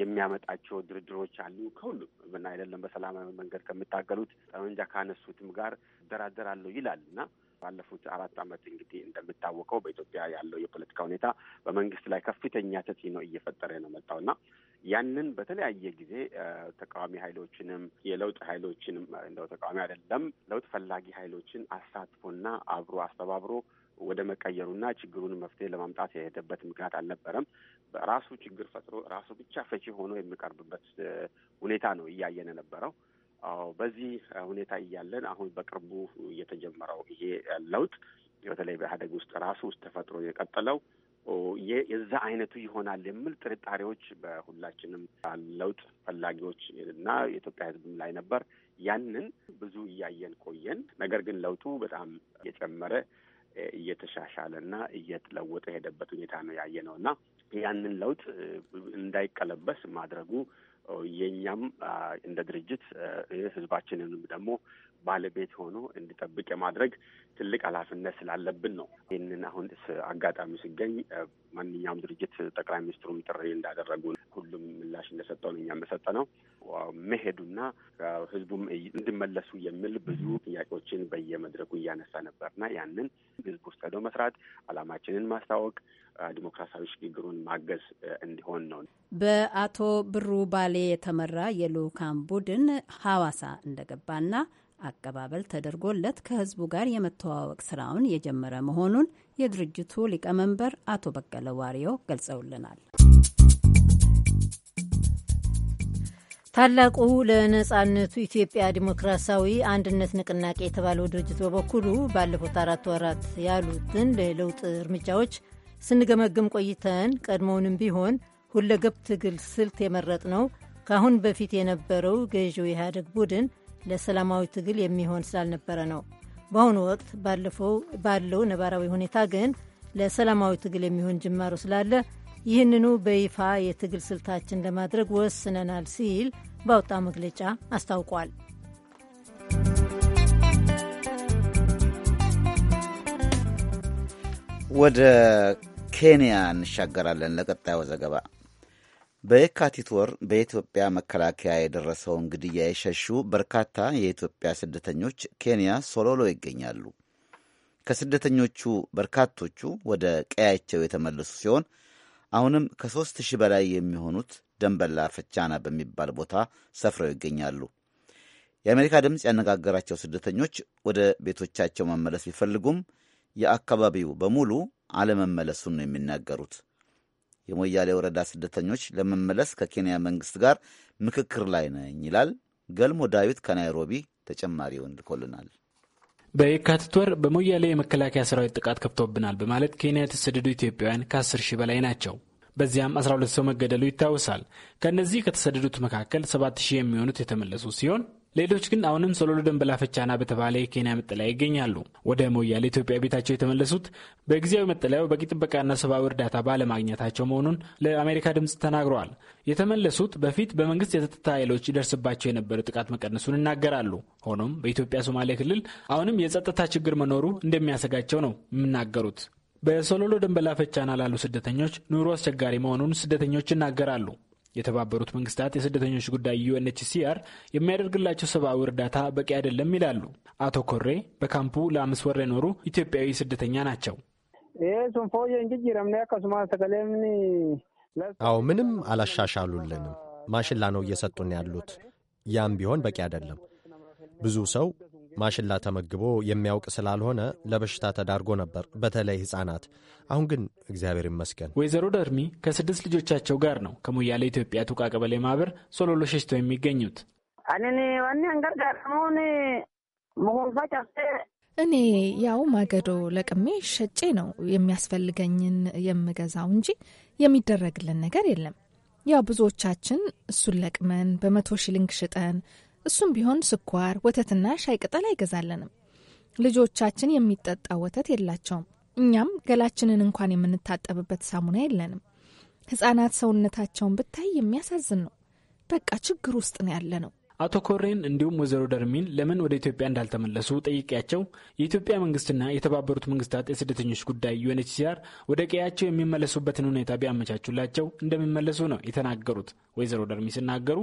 የሚያመጣቸው ድርድሮች አሉ። ከሁሉም ምን አይደለም በሰላማዊ መንገድ ከምታገሉት ጠመንጃ ካነሱትም ጋር እደራደራለሁ ይላል እና ባለፉት አራት አመት እንግዲህ እንደሚታወቀው በኢትዮጵያ ያለው የፖለቲካ ሁኔታ በመንግስት ላይ ከፍተኛ ተጽዕኖ እየፈጠረ ነው መጣውና ያንን በተለያየ ጊዜ ተቃዋሚ ኃይሎችንም የለውጥ ኃይሎችንም እንደው ተቃዋሚ አይደለም ለውጥ ፈላጊ ኃይሎችን አሳትፎና አብሮ አስተባብሮ ወደ መቀየሩና ችግሩን መፍትሄ ለማምጣት የሄደበት ምክንያት አልነበረም። ራሱ ችግር ፈጥሮ ራሱ ብቻ ፈቺ ሆኖ የሚቀርብበት ሁኔታ ነው እያየን የነበረው። በዚህ ሁኔታ እያለን አሁን በቅርቡ የተጀመረው ይሄ ለውጥ በተለይ በኢህአዴግ ውስጥ ራሱ ውስጥ ተፈጥሮ የቀጠለው የዛ አይነቱ ይሆናል የሚል ጥርጣሬዎች በሁላችንም ለውጥ ፈላጊዎች እና የኢትዮጵያ ሕዝብም ላይ ነበር። ያንን ብዙ እያየን ቆየን። ነገር ግን ለውጡ በጣም እየጨመረ እየተሻሻለ እና እየተለወጠ የሄደበት ሁኔታ ነው ያየ ነው እና ያንን ለውጥ እንዳይቀለበስ ማድረጉ የእኛም እንደ ድርጅት ህዝባችንንም ደግሞ ባለቤት ሆኖ እንዲጠብቅ የማድረግ ትልቅ ኃላፊነት ስላለብን ነው። ይህንን አሁን አጋጣሚ ሲገኝ ማንኛውም ድርጅት ጠቅላይ ሚኒስትሩም ጥሪ እንዳደረጉ ሁሉም ምላሽ እንደሰጠው ነው እኛም ነው መሄዱና ህዝቡም እንዲመለሱ የሚል ብዙ ጥያቄዎችን በየመድረኩ እያነሳ ነበርና ያንን ህዝብ ውስጥ ሄዶ መስራት አላማችንን ማስታወቅ ዲሞክራሲያዊ ሽግግሩን ማገዝ እንዲሆን ነው። በአቶ ብሩ ባሌ የተመራ የልኡካን ቡድን ሀዋሳ እንደገባና አቀባበል ተደርጎለት ከህዝቡ ጋር የመተዋወቅ ስራውን የጀመረ መሆኑን የድርጅቱ ሊቀመንበር አቶ በቀለ ዋሪዮ ገልጸውልናል። ታላቁ ለነጻነቱ ኢትዮጵያ ዲሞክራሲያዊ አንድነት ንቅናቄ የተባለው ድርጅት በበኩሉ ባለፉት አራት ወራት ያሉትን ለለውጥ እርምጃዎች ስንገመግም ቆይተን ቀድሞውንም ቢሆን ሁለገብ ትግል ስልት የመረጥ ነው። ከአሁን በፊት የነበረው ገዢው ኢህአዴግ ቡድን ለሰላማዊ ትግል የሚሆን ስላልነበረ ነው። በአሁኑ ወቅት ባለው ነባራዊ ሁኔታ ግን ለሰላማዊ ትግል የሚሆን ጅማሮ ስላለ ይህንኑ በይፋ የትግል ስልታችን ለማድረግ ወስነናል ሲል ባወጣው መግለጫ አስታውቋል። ወደ ኬንያ እንሻገራለን ለቀጣዩ ዘገባ። በየካቲት ወር በኢትዮጵያ መከላከያ የደረሰውን ግድያ የሸሹ በርካታ የኢትዮጵያ ስደተኞች ኬንያ ሶሎሎ ይገኛሉ። ከስደተኞቹ በርካቶቹ ወደ ቀያቸው የተመለሱ ሲሆን አሁንም ከሦስት ሺህ በላይ የሚሆኑት ደንበላ ፈቻና በሚባል ቦታ ሰፍረው ይገኛሉ። የአሜሪካ ድምፅ ያነጋገራቸው ስደተኞች ወደ ቤቶቻቸው መመለስ ቢፈልጉም የአካባቢው በሙሉ አለመመለሱን ነው የሚናገሩት። የሞያሌ ወረዳ ስደተኞች ለመመለስ ከኬንያ መንግስት ጋር ምክክር ላይ ነኝ ይላል። ገልሞ ዳዊት ከናይሮቢ ተጨማሪውን ልኮልናል። በየካቲት ወር በሞያሌ የመከላከያ ሰራዊት ጥቃት ከፍቶብናል በማለት ኬንያ የተሰደዱ ኢትዮጵያውያን ከ10 ሺህ በላይ ናቸው። በዚያም 12 ሰው መገደሉ ይታወሳል። ከእነዚህ ከተሰደዱት መካከል 7 ሺህ የሚሆኑት የተመለሱ ሲሆን ሌሎች ግን አሁንም ሶሎሎ ደንበላ ፈቻና በተባለ የኬንያ መጠለያ ይገኛሉ። ወደ ሞያሌ ኢትዮጵያ ቤታቸው የተመለሱት በጊዜያዊ መጠለያው በቂ ጥበቃና ሰብአዊ እርዳታ ባለማግኘታቸው መሆኑን ለአሜሪካ ድምፅ ተናግረዋል። የተመለሱት በፊት በመንግስት የጸጥታ ኃይሎች ይደርስባቸው የነበረ ጥቃት መቀነሱን ይናገራሉ። ሆኖም በኢትዮጵያ ሶማሌ ክልል አሁንም የጸጥታ ችግር መኖሩ እንደሚያሰጋቸው ነው የሚናገሩት። በሶሎሎ ደንበላ ፈቻና ላሉ ስደተኞች ኑሮ አስቸጋሪ መሆኑን ስደተኞች ይናገራሉ። የተባበሩት መንግስታት የስደተኞች ጉዳይ ዩኤንኤችሲአር የሚያደርግላቸው ሰብአዊ እርዳታ በቂ አይደለም ይላሉ። አቶ ኮሬ በካምፑ ለአምስት ወር የኖሩ ኢትዮጵያዊ ስደተኛ ናቸው። አዎ፣ ምንም አላሻሻሉልንም። ማሽላ ነው እየሰጡን ያሉት። ያም ቢሆን በቂ አይደለም። ብዙ ሰው ማሽላ ተመግቦ የሚያውቅ ስላልሆነ ለበሽታ ተዳርጎ ነበር፣ በተለይ ሕፃናት። አሁን ግን እግዚአብሔር ይመስገን። ወይዘሮ ደርሚ ከስድስት ልጆቻቸው ጋር ነው ከሞያሌ ኢትዮጵያ ቱቃ ቀበሌ ማህበር ሶሎሎ ሸሽተው የሚገኙት። እኔ ያው ማገዶ ለቅሜ ሸጬ ነው የሚያስፈልገኝን የምገዛው እንጂ የሚደረግልን ነገር የለም። ያው ብዙዎቻችን እሱን ለቅመን በመቶ ሺሊንግ ሽጠን እሱም ቢሆን ስኳር፣ ወተትና ሻይ ቅጠል አይገዛለንም። ልጆቻችን የሚጠጣ ወተት የላቸውም። እኛም ገላችንን እንኳን የምንታጠብበት ሳሙና የለንም። ሕጻናት ሰውነታቸውን ብታይ የሚያሳዝን ነው። በቃ ችግር ውስጥ ነው ያለ ነው። አቶ ኮሬን እንዲሁም ወይዘሮ ደርሚን ለምን ወደ ኢትዮጵያ እንዳልተመለሱ ጠይቄያቸው የኢትዮጵያ መንግስትና የተባበሩት መንግስታት የስደተኞች ጉዳይ ዩኤንኤችሲአር ወደ ቀያቸው የሚመለሱበትን ሁኔታ ቢያመቻቹላቸው እንደሚመለሱ ነው የተናገሩት። ወይዘሮ ደርሚ ሲናገሩ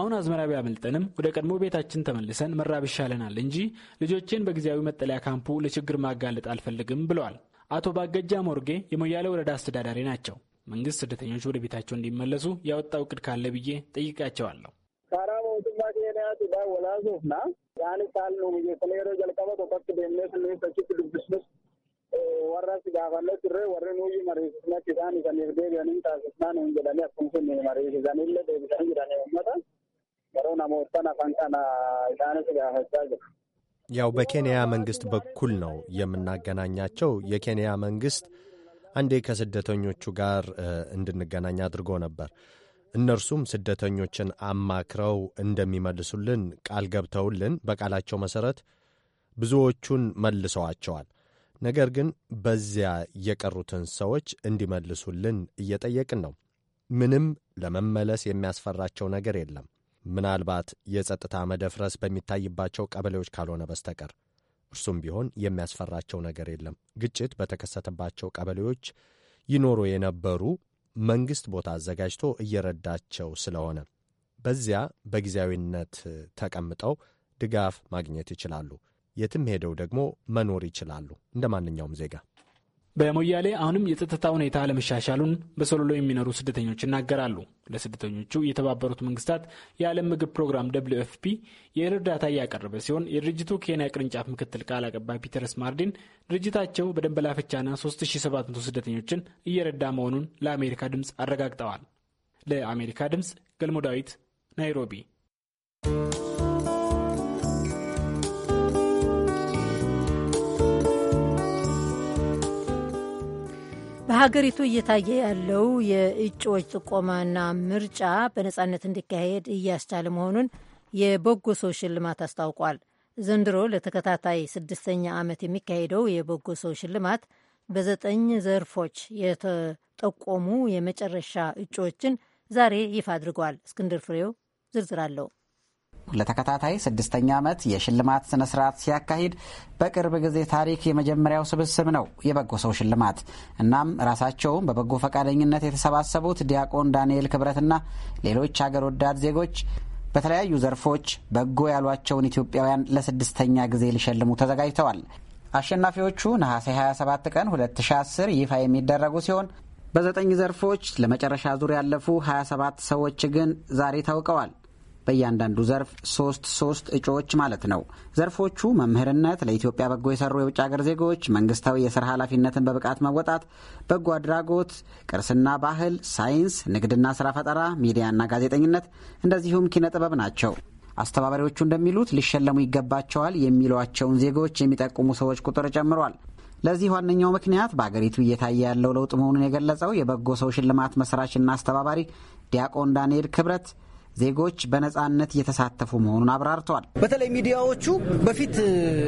አሁን አዝመራ ቢያመልጠንም ወደ ቀድሞ ቤታችን ተመልሰን መራብ ይሻለናል እንጂ ልጆቼን በጊዜያዊ መጠለያ ካምፑ ለችግር ማጋለጥ አልፈልግም ብለዋል። አቶ ባገጃ ሞርጌ የሞያሌ ወረዳ አስተዳዳሪ ናቸው። መንግስት ስደተኞች ወደ ቤታቸው እንዲመለሱ ያወጣው እቅድ ካለ ብዬ ጠይቃቸዋለሁ። dhugaatiidhaan walaasuufna yaanis haaluma biyyeessanii yeroo jalqaba tokkotti deemnee sunniin achitti dubbisnus warras gaafanne turre warri nuyi mariisisnetti isaan isaaniif deebi'anii taasisnaan hin jedhanii akkuma sunniin mariisisaniillee deebisanii jiranii uummata yeroo namoottan afaan kana isaanis gaafachaa jiru. ያው በኬንያ መንግስት በኩል ነው የምናገናኛቸው። የኬንያ መንግስት አንዴ ከስደተኞቹ ጋር እንድንገናኝ አድርጎ ነበር። እነርሱም ስደተኞችን አማክረው እንደሚመልሱልን ቃል ገብተውልን በቃላቸው መሠረት ብዙዎቹን መልሰዋቸዋል። ነገር ግን በዚያ የቀሩትን ሰዎች እንዲመልሱልን እየጠየቅን ነው። ምንም ለመመለስ የሚያስፈራቸው ነገር የለም፣ ምናልባት የጸጥታ መደፍረስ በሚታይባቸው ቀበሌዎች ካልሆነ በስተቀር። እርሱም ቢሆን የሚያስፈራቸው ነገር የለም። ግጭት በተከሰተባቸው ቀበሌዎች ይኖሩ የነበሩ መንግስት ቦታ አዘጋጅቶ እየረዳቸው ስለሆነ በዚያ በጊዜያዊነት ተቀምጠው ድጋፍ ማግኘት ይችላሉ። የትም ሄደው ደግሞ መኖር ይችላሉ እንደ ማንኛውም ዜጋ። በሞያሌ አሁንም የጸጥታ ሁኔታ አለመሻሻሉን በሶሎሎ የሚኖሩ ስደተኞች ይናገራሉ። ለስደተኞቹ የተባበሩት መንግስታት የዓለም ምግብ ፕሮግራም ደብልዩ ኤፍ ፒ እርዳታ እያቀረበ ሲሆን የድርጅቱ ኬንያ ቅርንጫፍ ምክትል ቃል አቀባይ ፒተርስ ማርዲን ድርጅታቸው በደንብ ፍቻና 3700 ስደተኞችን እየረዳ መሆኑን ለአሜሪካ ድምፅ አረጋግጠዋል። ለአሜሪካ ድምፅ ገልሞ ዳዊት ናይሮቢ። በሀገሪቱ እየታየ ያለው የእጩዎች ጥቆማና ምርጫ በነጻነት እንዲካሄድ እያስቻለ መሆኑን የበጎ ሰው ሽልማት አስታውቋል። ዘንድሮ ለተከታታይ ስድስተኛ ዓመት የሚካሄደው የበጎ ሰው ሽልማት በዘጠኝ ዘርፎች የተጠቆሙ የመጨረሻ እጩዎችን ዛሬ ይፋ አድርጓል። እስክንድር ፍሬው ዝርዝር አለው። ለተከታታይ ስድስተኛ ዓመት የሽልማት ስነ ስርዓት ሲያካሂድ በቅርብ ጊዜ ታሪክ የመጀመሪያው ስብስብ ነው የበጎ ሰው ሽልማት። እናም ራሳቸውም በበጎ ፈቃደኝነት የተሰባሰቡት ዲያቆን ዳንኤል ክብረትና ሌሎች ሀገር ወዳድ ዜጎች በተለያዩ ዘርፎች በጎ ያሏቸውን ኢትዮጵያውያን ለስድስተኛ ጊዜ ሊሸልሙ ተዘጋጅተዋል። አሸናፊዎቹ ነሐሴ 27 ቀን 2010 ይፋ የሚደረጉ ሲሆን በዘጠኝ ዘርፎች ለመጨረሻ ዙር ያለፉ 27 ሰዎች ግን ዛሬ ታውቀዋል። በእያንዳንዱ ዘርፍ ሶስት ሶስት እጩዎች ማለት ነው። ዘርፎቹ መምህርነት፣ ለኢትዮጵያ በጎ የሰሩ የውጭ ሀገር ዜጎች፣ መንግስታዊ የስራ ኃላፊነትን በብቃት መወጣት፣ በጎ አድራጎት፣ ቅርስና ባህል፣ ሳይንስ፣ ንግድና ስራ ፈጠራ፣ ሚዲያና ጋዜጠኝነት እንደዚሁም ኪነ ጥበብ ናቸው። አስተባባሪዎቹ እንደሚሉት ሊሸለሙ ይገባቸዋል የሚሏቸውን ዜጎች የሚጠቁሙ ሰዎች ቁጥር ጨምሯል። ለዚህ ዋነኛው ምክንያት በአገሪቱ እየታየ ያለው ለውጥ መሆኑን የገለጸው የበጎ ሰው ሽልማት መስራችና አስተባባሪ ዲያቆን ዳንኤል ክብረት ዜጎች በነፃነት እየተሳተፉ መሆኑን አብራርተዋል። በተለይ ሚዲያዎቹ በፊት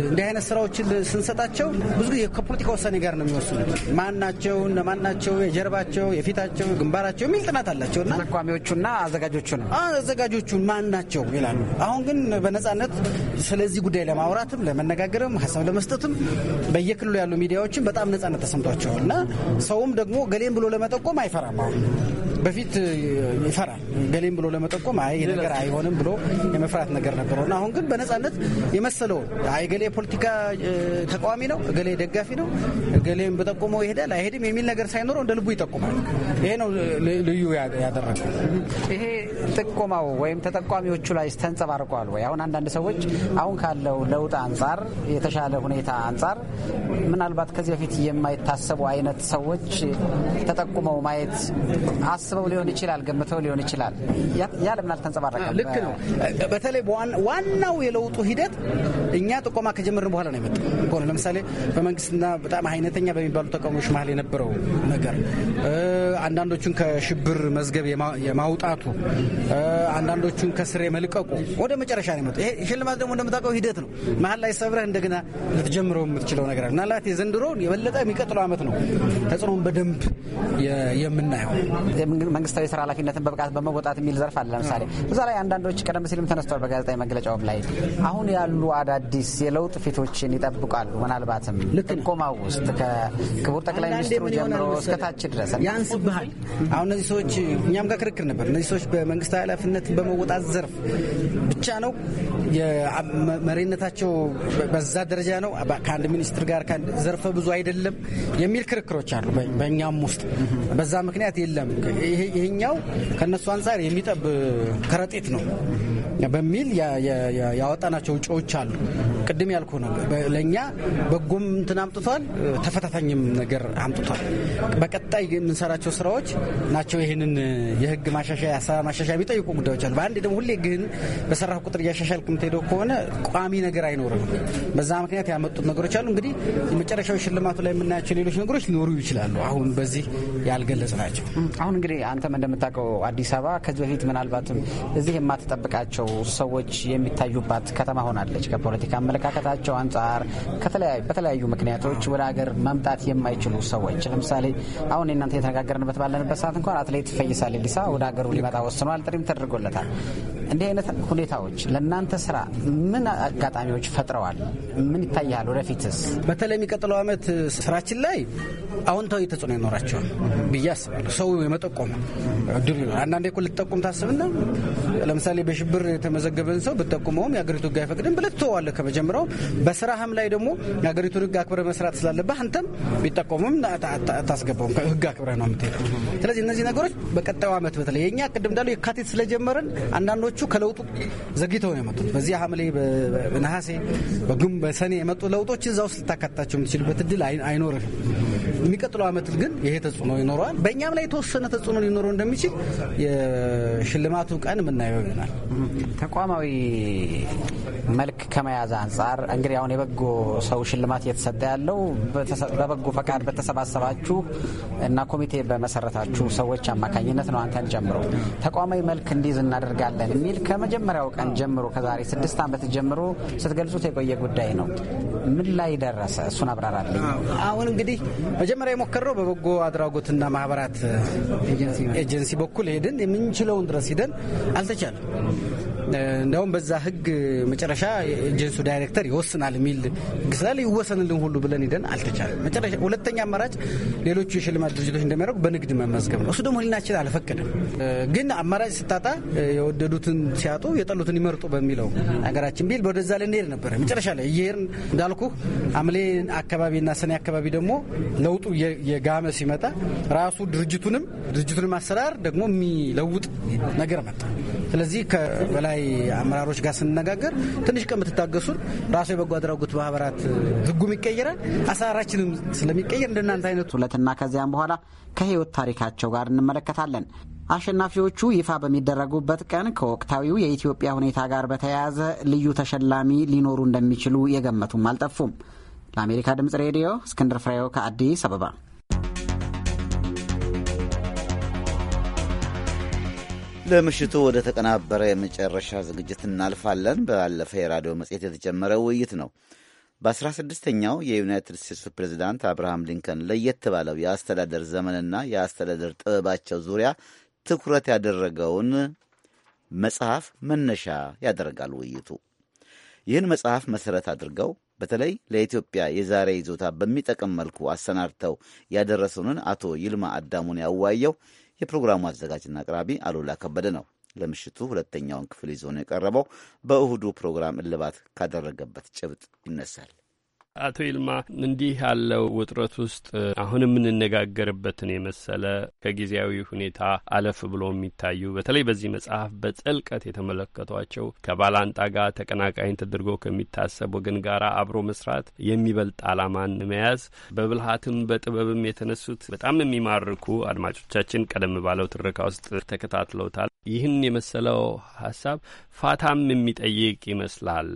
እንዲህ አይነት ስራዎችን ስንሰጣቸው ብዙ ጊዜ ከፖለቲካ ውሳኔ ጋር ነው የሚወስኑ ማናቸው እነማናቸው የጀርባቸው፣ የፊታቸው፣ ግንባራቸው የሚል ጥናት አላቸው እና ተቋሚዎቹና አዘጋጆቹ ነው አዘጋጆቹ ማን ናቸው ይላሉ። አሁን ግን በነፃነት ስለዚህ ጉዳይ ለማውራትም ለመነጋገርም ሀሳብ ለመስጠትም በየክልሉ ያሉ ሚዲያዎችን በጣም ነፃነት ተሰምቷቸዋል እና ሰውም ደግሞ ገሌም ብሎ ለመጠቆም አይፈራም አሁን በፊት ይፈራል ገሌም ብሎ ለመጠቆም አይ ነገር አይሆንም ብሎ የመፍራት ነገር ነበረው እና አሁን ግን በነጻነት የመሰለውን አይ ገሌ የፖለቲካ ተቃዋሚ ነው፣ ገሌ ደጋፊ ነው፣ ገሌም በጠቆመው ይሄዳል አይሄድም የሚል ነገር ሳይኖረው እንደ ልቡ ይጠቁማል። ይሄ ነው ልዩ ያደረገ። ይሄ ጥቆማው ወይም ተጠቋሚዎቹ ላይ ተንጸባርቋል ወይ? አሁን አንዳንድ ሰዎች አሁን ካለው ለውጥ አንጻር የተሻለ ሁኔታ አንጻር ምናልባት ከዚህ በፊት የማይታሰቡ አይነት ሰዎች ተጠቁመው ማየት አስ አስበው ሊሆን ይችላል፣ ገምተው ሊሆን ይችላል። ያ ለምን አልተንጸባረቀም? ልክ ነው። በተለይ ዋናው የለውጡ ሂደት እኛ ጥቆማ ከጀመርን በኋላ ነው የመጣው ለምሳሌ በመንግስትና በጣም አይነተኛ በሚባሉ ተቃዋሚዎች መሀል የነበረው ነገር፣ አንዳንዶቹን ከሽብር መዝገብ የማውጣቱ፣ አንዳንዶቹን ከስር የመልቀቁ ወደ መጨረሻ ነው የመጣው። ይሄ ሽልማት ደግሞ እንደምታውቀው ሂደት ነው። መሀል ላይ ሰብረህ እንደገና ልትጀምረው የምትችለው ነገር ምናልባት የዘንድሮውን የበለጠ የሚቀጥለው ዓመት ነው ተጽዕኖን በደንብ የምናየው። መንግስታዊ ስራ ኃላፊነትን በብቃት በመወጣት የሚል ዘርፍ አለ። ለምሳሌ እዛ ላይ አንዳንዶች ቀደም ሲልም ተነስቷል በጋዜጣዊ መግለጫውም ላይ አሁን ያሉ አዳዲስ የለውጥ ፊቶችን ይጠብቃሉ። ምናልባትም ጥቆማው ውስጥ ከክቡር ጠቅላይ ሚኒስትሩ ጀምሮ እስከታች ድረስ ባህል አሁን እነዚህ ሰዎች እኛም ጋር ክርክር ነበር። እነዚህ ሰዎች በመንግስታዊ ኃላፊነት በመወጣት ዘርፍ ብቻ ነው መሪነታቸው በዛ ደረጃ ነው፣ ከአንድ ሚኒስትር ጋር ዘርፈ ብዙ አይደለም የሚል ክርክሮች አሉ በእኛም ውስጥ። በዛ ምክንያት የለም ይሄኛው ከእነሱ አንጻር የሚጠብ ከረጢት ነው በሚል ያወጣናቸው እጩዎች አሉ። ቅድም ያልኩ ነው ለእኛ በጎም እንትን አምጥቷል፣ ተፈታታኝም ነገር አምጥቷል። በቀጣይ የምንሰራቸው ስራዎች ናቸው። ይህንን የህግ ማሻሻያ ማሻሻያ የሚጠይቁ ጉዳዮች አሉ። በአንድ ደግሞ ሁሌ ግን በሰራ ቁጥር እያሻሻል የምትሄደው ከሆነ ቋሚ ነገር አይኖርም። በዛ ምክንያት ያመጡት ነገሮች አሉ። እንግዲህ የመጨረሻዊ ሽልማቱ ላይ የምናያቸው ሌሎች ነገሮች ሊኖሩ ይችላሉ። አሁን በዚህ ያልገለጽ ናቸው። አሁን እንግዲህ አንተም እንደምታውቀው አዲስ አበባ ከዚህ በፊት ምናልባትም እዚህ የማትጠብቃቸው ሰዎች የሚታዩባት ከተማ ሆናለች። ከፖለቲካ አመለካከታቸው አንጻር በተለያዩ ምክንያቶች ወደ ሀገር መምጣት የማይችሉ ሰዎች ለምሳሌ አሁን እናንተ የተነጋገርንበት ባለንበት ሰዓት እንኳን አትሌት ፈይሳ ሊለሳ ወደ ሀገሩ ሊመጣ ወስኗል። ጥሪም ተደርጎለታል። እንዲህ አይነት ሁኔታዎች ለእናንተ ስራ ምን አጋጣሚዎች ፈጥረዋል? ምን ይታያል? ወደፊትስ በተለይ የሚቀጥለው ዓመት ስራችን ላይ አዎንታዊ ተጽዕኖ ይኖራቸዋል ብዬ አስባለሁ። ሰው የመጠቆም ነው እድሉ ነው። አንዳንዴ እኮ ልትጠቁም ታስብና ለምሳሌ በሽብር የተመዘገበን ሰው ብትጠቁመውም የአገሪቱ ሕግ አይፈቅድም ብለህ ትተዋለህ። ከመጀመሪያው በስራህም ላይ ደግሞ የአገሪቱን ሕግ አክብረ መስራት ስላለብህ አንተም ቢጠቆምም አታስገባውም። ሕግ አክብረ ነው የምትሄደው። ስለዚህ እነዚህ ነገሮች በቀጣዩ ዓመት በተለይ የእኛ ቅድም እንዳሉ የካቴት ስለጀመረን አንዳንዶቹ ከለውጡ ዘግይተው ነው የመጡት። በዚህ ሐምሌ፣ በነሐሴ፣ በግም በሰኔ የመጡ ለውጦች እዛ ውስጥ ልታካታቸው የምትችልበት እድል አይኖርም። የሚቀጥለው ዓመት ግን ይሄ ተጽዕኖ ይኖረዋል። በእኛም ላይ የተወሰነ ተጽዕኖ ተጽዕኖ ሊኖረው እንደሚችል የሽልማቱ ቀን የምናየው ይሆናል። ተቋማዊ መልክ ከመያዝ አንጻር እንግዲህ አሁን የበጎ ሰው ሽልማት እየተሰጠ ያለው በበጎ ፈቃድ በተሰባሰባችሁ እና ኮሚቴ በመሰረታችሁ ሰዎች አማካኝነት ነው አንተን ጨምሮ ተቋማዊ መልክ እንዲይዝ እናደርጋለን የሚል ከመጀመሪያው ቀን ጀምሮ ከዛሬ ስድስት ዓመት ጀምሮ ስትገልጹት የቆየ ጉዳይ ነው። ምን ላይ ደረሰ? እሱን አብራራልኝ። አሁን እንግዲህ መጀመሪያ የሞከረው በበጎ አድራጎትና ማህበራት ኤጀንሲ በኩል ሄደን የምንችለውን ድረስ ሂደን አልተቻለም። እንደውም በዛ ህግ መጨረሻ ኤጀንሲው ዳይሬክተር ይወስናል የሚል ህግ ስላለ ይወሰንልን ሁሉ ብለን ሄደን አልተቻለም። መጨረሻ ሁለተኛ አማራጭ ሌሎቹ የሽልማት ድርጅቶች እንደሚያደርጉ በንግድ መመዝገብ ነው። እሱ ደግሞ ህሊናችን አልፈቀደም። ግን አማራጭ ስታጣ የወደዱትን ሲያጡ የጠሉትን ይመርጡ በሚለው ሀገራችን ቢል ወደዛ ልንሄድ ነበረ። መጨረሻ ላይ እየሄድን እንዳልኩ ሐምሌ አካባቢና ሰኔ አካባቢ ደግሞ ለውጡ የጋመ ሲመጣ ራሱ ድርጅቱንም ድርጅቱ የድርጅቱንም አሰራር ደግሞ የሚለውጥ ነገር መጣ። ስለዚህ ከበላይ አመራሮች ጋር ስንነጋገር ትንሽ ቀን ብትታገሱን ራሱ የበጎ አድራጎት ማህበራት ህጉም ይቀየራል፣ አሰራራችንም ስለሚቀየር እንደናንተ አይነት ሁለትና ከዚያም በኋላ ከህይወት ታሪካቸው ጋር እንመለከታለን። አሸናፊዎቹ ይፋ በሚደረጉበት ቀን ከወቅታዊው የኢትዮጵያ ሁኔታ ጋር በተያያዘ ልዩ ተሸላሚ ሊኖሩ እንደሚችሉ የገመቱም አልጠፉም። ለአሜሪካ ድምጽ ሬዲዮ እስክንድር ፍሬው ከአዲስ አበባ ለምሽቱ ወደ ተቀናበረ የመጨረሻ ዝግጅት እናልፋለን። ባለፈ የራዲዮ መጽሔት የተጀመረ ውይይት ነው። በ16ኛው የዩናይትድ ስቴትስ ፕሬዚዳንት አብርሃም ሊንከን ለየት ባለው የአስተዳደር ዘመንና የአስተዳደር ጥበባቸው ዙሪያ ትኩረት ያደረገውን መጽሐፍ መነሻ ያደርጋል ውይይቱ። ይህን መጽሐፍ መሠረት አድርገው በተለይ ለኢትዮጵያ የዛሬ ይዞታ በሚጠቅም መልኩ አሰናድተው ያደረሱንን አቶ ይልማ አዳሙን ያዋየው የፕሮግራሙ አዘጋጅና አቅራቢ አሉላ ከበደ ነው። ለምሽቱ ሁለተኛውን ክፍል ይዞ ነው የቀረበው። በእሁዱ ፕሮግራም እልባት ካደረገበት ጭብጥ ይነሳል። አቶ ይልማ እንዲህ ያለው ውጥረት ውስጥ አሁን የምንነጋገርበትን የመሰለ ከጊዜያዊ ሁኔታ አለፍ ብሎ የሚታዩ በተለይ በዚህ መጽሐፍ በጥልቀት የተመለከቷቸው ከባላንጣ ጋር ተቀናቃኝ ተደርጎ ከሚታሰብ ወገን ጋር አብሮ መስራት የሚበልጥ አላማን መያዝ በብልሃትም በጥበብም የተነሱት በጣም የሚማርኩ አድማጮቻችን ቀደም ባለው ትረካ ውስጥ ተከታትለውታል። ይህን የመሰለው ሀሳብ ፋታም የሚጠይቅ ይመስላል።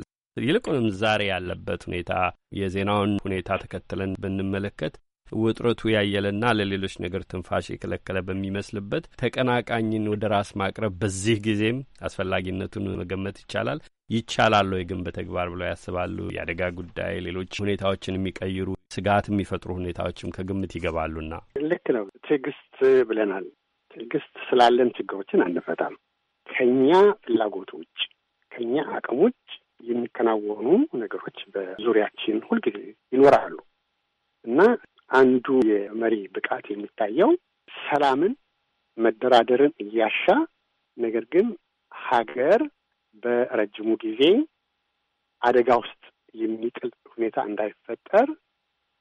ይልቁንም ዛሬ ያለበት ሁኔታ የዜናውን ሁኔታ ተከትለን ብንመለከት ውጥረቱ ያየለና ለሌሎች ነገር ትንፋሽ የከለከለ በሚመስልበት ተቀናቃኝን ወደ ራስ ማቅረብ በዚህ ጊዜም አስፈላጊነቱን መገመት ይቻላል። ይቻላል ወይ ግን በተግባር ብለው ያስባሉ? የአደጋ ጉዳይ፣ ሌሎች ሁኔታዎችን የሚቀይሩ ስጋት የሚፈጥሩ ሁኔታዎችም ከግምት ይገባሉና ልክ ነው። ትዕግስት ብለናል። ትዕግስት ስላለን ችግሮችን አንፈታም። ከኛ ፍላጎት ውጭ፣ ከኛ አቅም ውጭ የሚከናወኑ ነገሮች በዙሪያችን ሁልጊዜ ይኖራሉ እና አንዱ የመሪ ብቃት የሚታየው ሰላምን፣ መደራደርን እያሻ ነገር ግን ሀገር በረጅሙ ጊዜ አደጋ ውስጥ የሚጥል ሁኔታ እንዳይፈጠር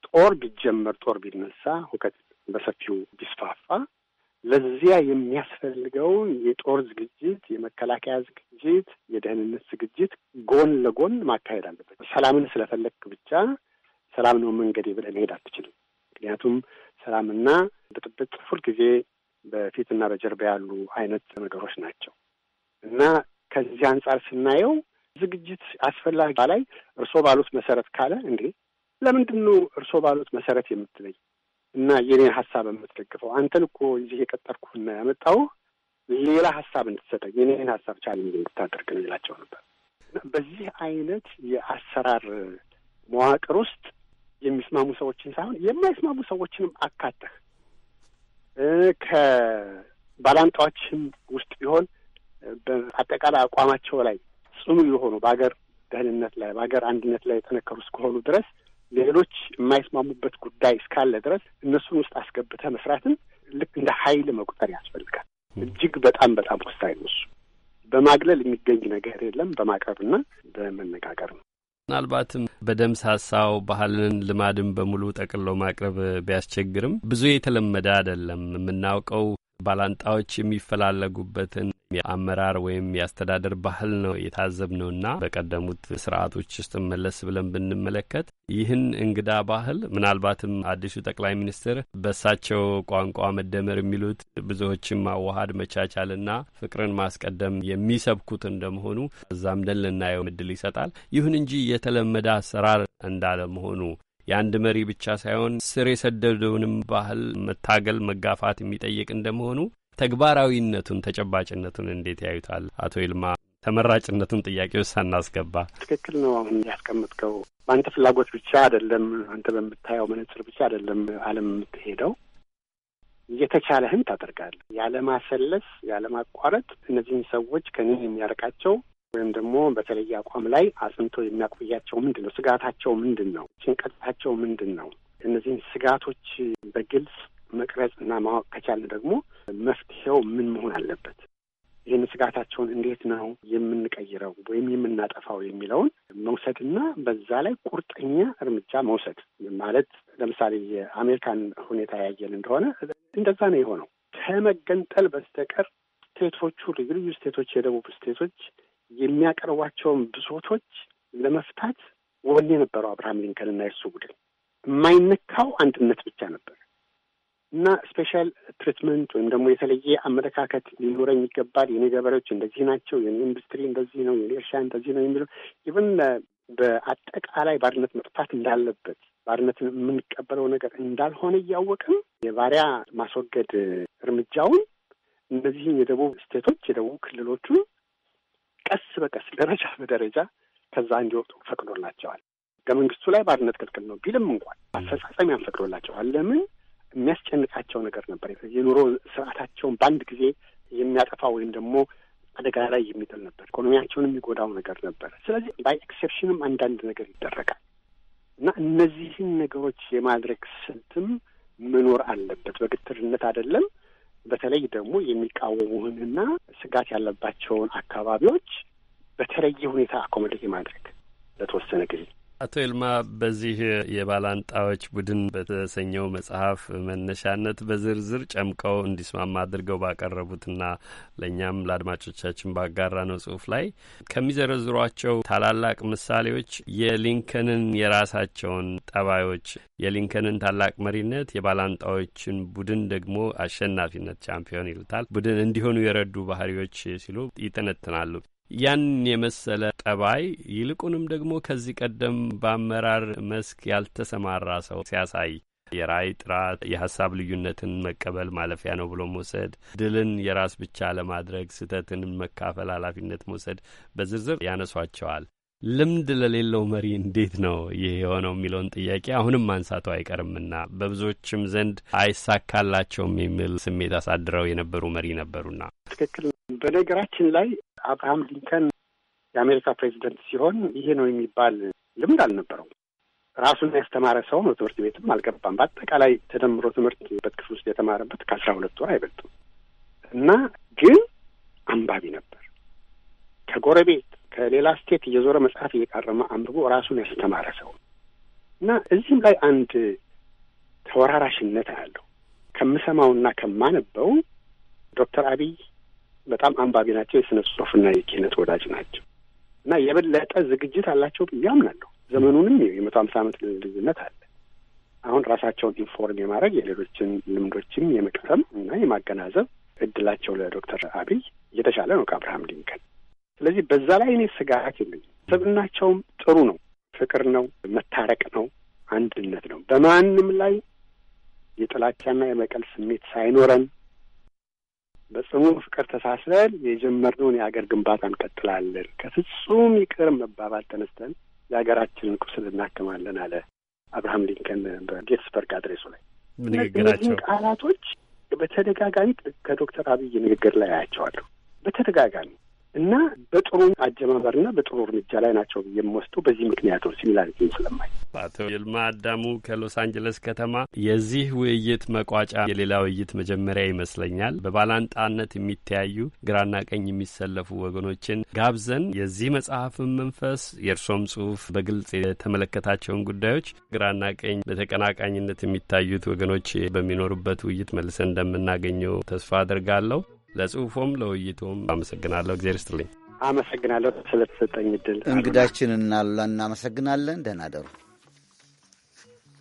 ጦር ቢጀመር ጦር ቢነሳ ሁከት በሰፊው ቢስፋፋ ለዚያ የሚያስፈልገውን የጦር ዝግጅት፣ የመከላከያ ዝግጅት፣ የደህንነት ዝግጅት ጎን ለጎን ማካሄድ አለበት። ሰላምን ስለፈለግክ ብቻ ሰላም ነው መንገድ ብለህ መሄድ አትችልም። ምክንያቱም ሰላምና ብጥብጥ ሁልጊዜ በፊትና በጀርባ ያሉ አይነት ነገሮች ናቸው እና ከዚህ አንጻር ስናየው ዝግጅት አስፈላጊ ላይ እርስዎ ባሉት መሰረት ካለ እንዴ ለምንድን ነው እርስዎ ባሉት መሰረት የምትለይ እና የኔን ሀሳብ የምትደግፈው አንተን እኮ ይህ የቀጠርኩህና ያመጣው ሌላ ሀሳብ እንድትሰጠኝ የኔን ሀሳብ ቻሌንጅ እንድታደርግ ነው ይላቸው ነበር። በዚህ አይነት የአሰራር መዋቅር ውስጥ የሚስማሙ ሰዎችን ሳይሆን የማይስማሙ ሰዎችንም አካተህ ከባላንጣዎችም ውስጥ ቢሆን በአጠቃላይ አቋማቸው ላይ ጽኑ የሆኑ በሀገር ደህንነት ላይ በሀገር አንድነት ላይ የጠነከሩ እስከሆኑ ድረስ ሌሎች የማይስማሙበት ጉዳይ እስካለ ድረስ እነሱን ውስጥ አስገብተ መስራትን ልክ እንደ ኃይል መቁጠር ያስፈልጋል። እጅግ በጣም በጣም ወሳኝ ነው። እሱ በማግለል የሚገኝ ነገር የለም፣ በማቅረብና በመነጋገር ነው። ምናልባትም በደምስ ሳሳው ባህልን ልማድን በሙሉ ጠቅሎ ማቅረብ ቢያስቸግርም ብዙ የተለመደ አይደለም። የምናውቀው ባላንጣዎች የሚፈላለጉበትን የአመራር ወይም የአስተዳደር ባህል ነው የታዘብነውና በቀደሙት ስርዓቶች ውስጥ መለስ ብለን ብንመለከት ይህን እንግዳ ባህል ምናልባትም አዲሱ ጠቅላይ ሚኒስትር በሳቸው ቋንቋ መደመር የሚሉት ብዙዎችን ማዋሃድ መቻቻልና ፍቅርን ማስቀደም የሚሰብኩት እንደመሆኑ እዛም ደን ልናየው ምድል ይሰጣል። ይሁን እንጂ የተለመደ አሰራር እንዳለመሆኑ የአንድ መሪ ብቻ ሳይሆን ስር የሰደደውንም ባህል መታገል መጋፋት የሚጠይቅ እንደመሆኑ ተግባራዊነቱን ተጨባጭነቱን እንዴት ያዩታል አቶ ይልማ? ተመራጭነቱን ጥያቄ ውስጥ ሳናስገባ ትክክል ነው። አሁን ያስቀምጥከው በአንተ ፍላጎት ብቻ አይደለም፣ አንተ በምታየው መነጽር ብቻ አይደለም ዓለም የምትሄደው የተቻለህን ታደርጋለህ። ያለማሰለስ፣ ያለማቋረጥ እነዚህን ሰዎች ከኔ የሚያርቃቸው ወይም ደግሞ በተለየ አቋም ላይ አጽንቶ የሚያቆያቸው ምንድን ነው? ስጋታቸው ምንድን ነው? ጭንቀታቸው ምንድን ነው? እነዚህን ስጋቶች በግልጽ መቅረጽ እና ማወቅ ከቻልን ደግሞ መፍትሄው ምን መሆን አለበት፣ ይህን ስጋታቸውን እንዴት ነው የምንቀይረው ወይም የምናጠፋው የሚለውን መውሰድና በዛ ላይ ቁርጠኛ እርምጃ መውሰድ ማለት ለምሳሌ የአሜሪካን ሁኔታ ያየን እንደሆነ እንደዛ ነው የሆነው። ከመገንጠል በስተቀር ስቴቶቹ ልዩ ልዩ ስቴቶች፣ የደቡብ ስቴቶች የሚያቀርቧቸውን ብሶቶች ለመፍታት ወኔ የነበረው አብርሃም ሊንከን እና የሱ ቡድን የማይነካው አንድነት ብቻ ነበር። እና ስፔሻል ትሪትመንት ወይም ደግሞ የተለየ አመለካከት ሊኖረኝ ይገባል። የኔ ገበሬዎች እንደዚህ ናቸው፣ የኔ ኢንዱስትሪ እንደዚህ ነው፣ የኔ እርሻ እንደዚህ ነው የሚለው ኢቨን በአጠቃላይ ባርነት መጥፋት እንዳለበት ባርነትን የምንቀበለው ነገር እንዳልሆነ እያወቅም የባሪያ ማስወገድ እርምጃውን እነዚህን የደቡብ ስቴቶች የደቡብ ክልሎቹ ቀስ በቀስ ደረጃ በደረጃ ከዛ እንዲወጡ ፈቅዶላቸዋል። ህገ መንግስቱ ላይ ባርነት ክልክል ነው ቢልም እንኳን አፈጻጸሚያን ፈቅዶላቸዋል። ለምን የሚያስጨንቃቸው ነገር ነበር። የኑሮ ስርዓታቸውን በአንድ ጊዜ የሚያጠፋ ወይም ደግሞ አደጋ ላይ የሚጥል ነበር። ኢኮኖሚያቸውን የሚጎዳው ነገር ነበር። ስለዚህ ባይ ኤክሴፕሽንም አንዳንድ ነገር ይደረጋል እና እነዚህን ነገሮች የማድረግ ስልትም መኖር አለበት። በግትርነት አይደለም። በተለይ ደግሞ የሚቃወሙህንና ስጋት ያለባቸውን አካባቢዎች በተለየ ሁኔታ አኮመዴት የማድረግ ለተወሰነ ጊዜ አቶ ይልማ በዚህ የባላንጣዎች ቡድን በተሰኘው መጽሐፍ መነሻነት በዝርዝር ጨምቀው እንዲስማማ አድርገው ባቀረቡትና ለእኛም ለአድማጮቻችን ባጋራ ነው ጽሁፍ ላይ ከሚዘረዝሯቸው ታላላቅ ምሳሌዎች የሊንከንን የራሳቸውን ጠባዮች የሊንከንን ታላቅ መሪነት የባላንጣዎችን ቡድን ደግሞ አሸናፊነት ቻምፒዮን ይሉታል ቡድን እንዲሆኑ የረዱ ባህሪዎች ሲሉ ይተነትናሉ። ያን የመሰለ ጠባይ ይልቁንም ደግሞ ከዚህ ቀደም በአመራር መስክ ያልተሰማራ ሰው ሲያሳይ የራይ ጥራት የሀሳብ ልዩነትን መቀበል ማለፊያ ነው ብሎ መውሰድ፣ ድልን የራስ ብቻ ለማድረግ ስህተትን መካፈል ኃላፊነት መውሰድ በዝርዝር ያነሷቸዋል። ልምድ ለሌለው መሪ እንዴት ነው ይህ የሆነው የሚለውን ጥያቄ አሁንም ማንሳቱ አይቀርምና በብዙዎችም ዘንድ አይሳካላቸውም የሚል ስሜት አሳድረው የነበሩ መሪ ነበሩና ትክክል። በነገራችን ላይ አብርሃም ሊንከን የአሜሪካ ፕሬዚደንት ሲሆን ይሄ ነው የሚባል ልምድ አልነበረው። ራሱን ያስተማረ ሰው ነው። ትምህርት ቤትም አልገባም። በአጠቃላይ ተደምሮ ትምህርት ክፍል ውስጥ የተማረበት ከአስራ ሁለት ወር አይበልጥም እና ግን አንባቢ ነበር። ከጎረቤት ከሌላ ስቴት እየዞረ መጽሐፍ እየቃረመ አንብቦ ራሱን ያስተማረ ሰው እና እዚህም ላይ አንድ ተወራራሽነት አያለሁ ከምሰማውና ከማነበው ዶክተር አብይ በጣም አንባቢ ናቸው። የስነ ጽሁፍና የኪነት ወዳጅ ናቸው እና የበለጠ ዝግጅት አላቸው ብዬ አምናለሁ። ዘመኑንም የመቶ ሀምሳ ዓመት ልዩነት አለ። አሁን ራሳቸውን ኢንፎርም የማድረግ የሌሎችን ልምዶችም የመቅሰም እና የማገናዘብ እድላቸው ለዶክተር አብይ እየተሻለ ነው ከአብርሃም ሊንከን። ስለዚህ በዛ ላይ እኔ ስጋት የለኝም። ስብናቸውም ጥሩ ነው። ፍቅር ነው፣ መታረቅ ነው፣ አንድነት ነው። በማንም ላይ የጥላቻና የበቀል ስሜት ሳይኖረን በጽኑ ፍቅር ተሳስረን የጀመርነውን የሀገር ግንባታ እንቀጥላለን። ከፍጹም ይቅር መባባል ተነስተን የሀገራችንን ቁስል እናክማለን አለ አብርሃም ሊንከን በጌትስበርግ አድሬሱ ላይ። እነዚህን ቃላቶች በተደጋጋሚ ከዶክተር አብይ ንግግር ላይ አያቸዋለሁ። በተደጋጋሚ እና በጥሩ አጀማመርና በጥሩ እርምጃ ላይ ናቸው የምወስዱ በዚህ ምክንያት ነው ሲሚላሪቲ ስለማይ። አቶ ይልማ አዳሙ ከሎስ አንጀለስ ከተማ። የዚህ ውይይት መቋጫ የሌላ ውይይት መጀመሪያ ይመስለኛል። በባላንጣነት የሚተያዩ ግራና ቀኝ የሚሰለፉ ወገኖችን ጋብዘን የዚህ መጽሐፍን መንፈስ የእርሶም ጽሁፍ በግልጽ የተመለከታቸውን ጉዳዮች ግራና ቀኝ በተቀናቃኝነት የሚታዩት ወገኖች በሚኖሩበት ውይይት መልሰን እንደምናገኘው ተስፋ አድርጋለሁ። ለጽሁፎም ለውይይቱም አመሰግናለሁ። እግዜር ይስጥልኝ። አመሰግናለሁ ስለተሰጠኝ እድል። እንግዳችንን እናሉላ እናመሰግናለን። ደህና ደሩ።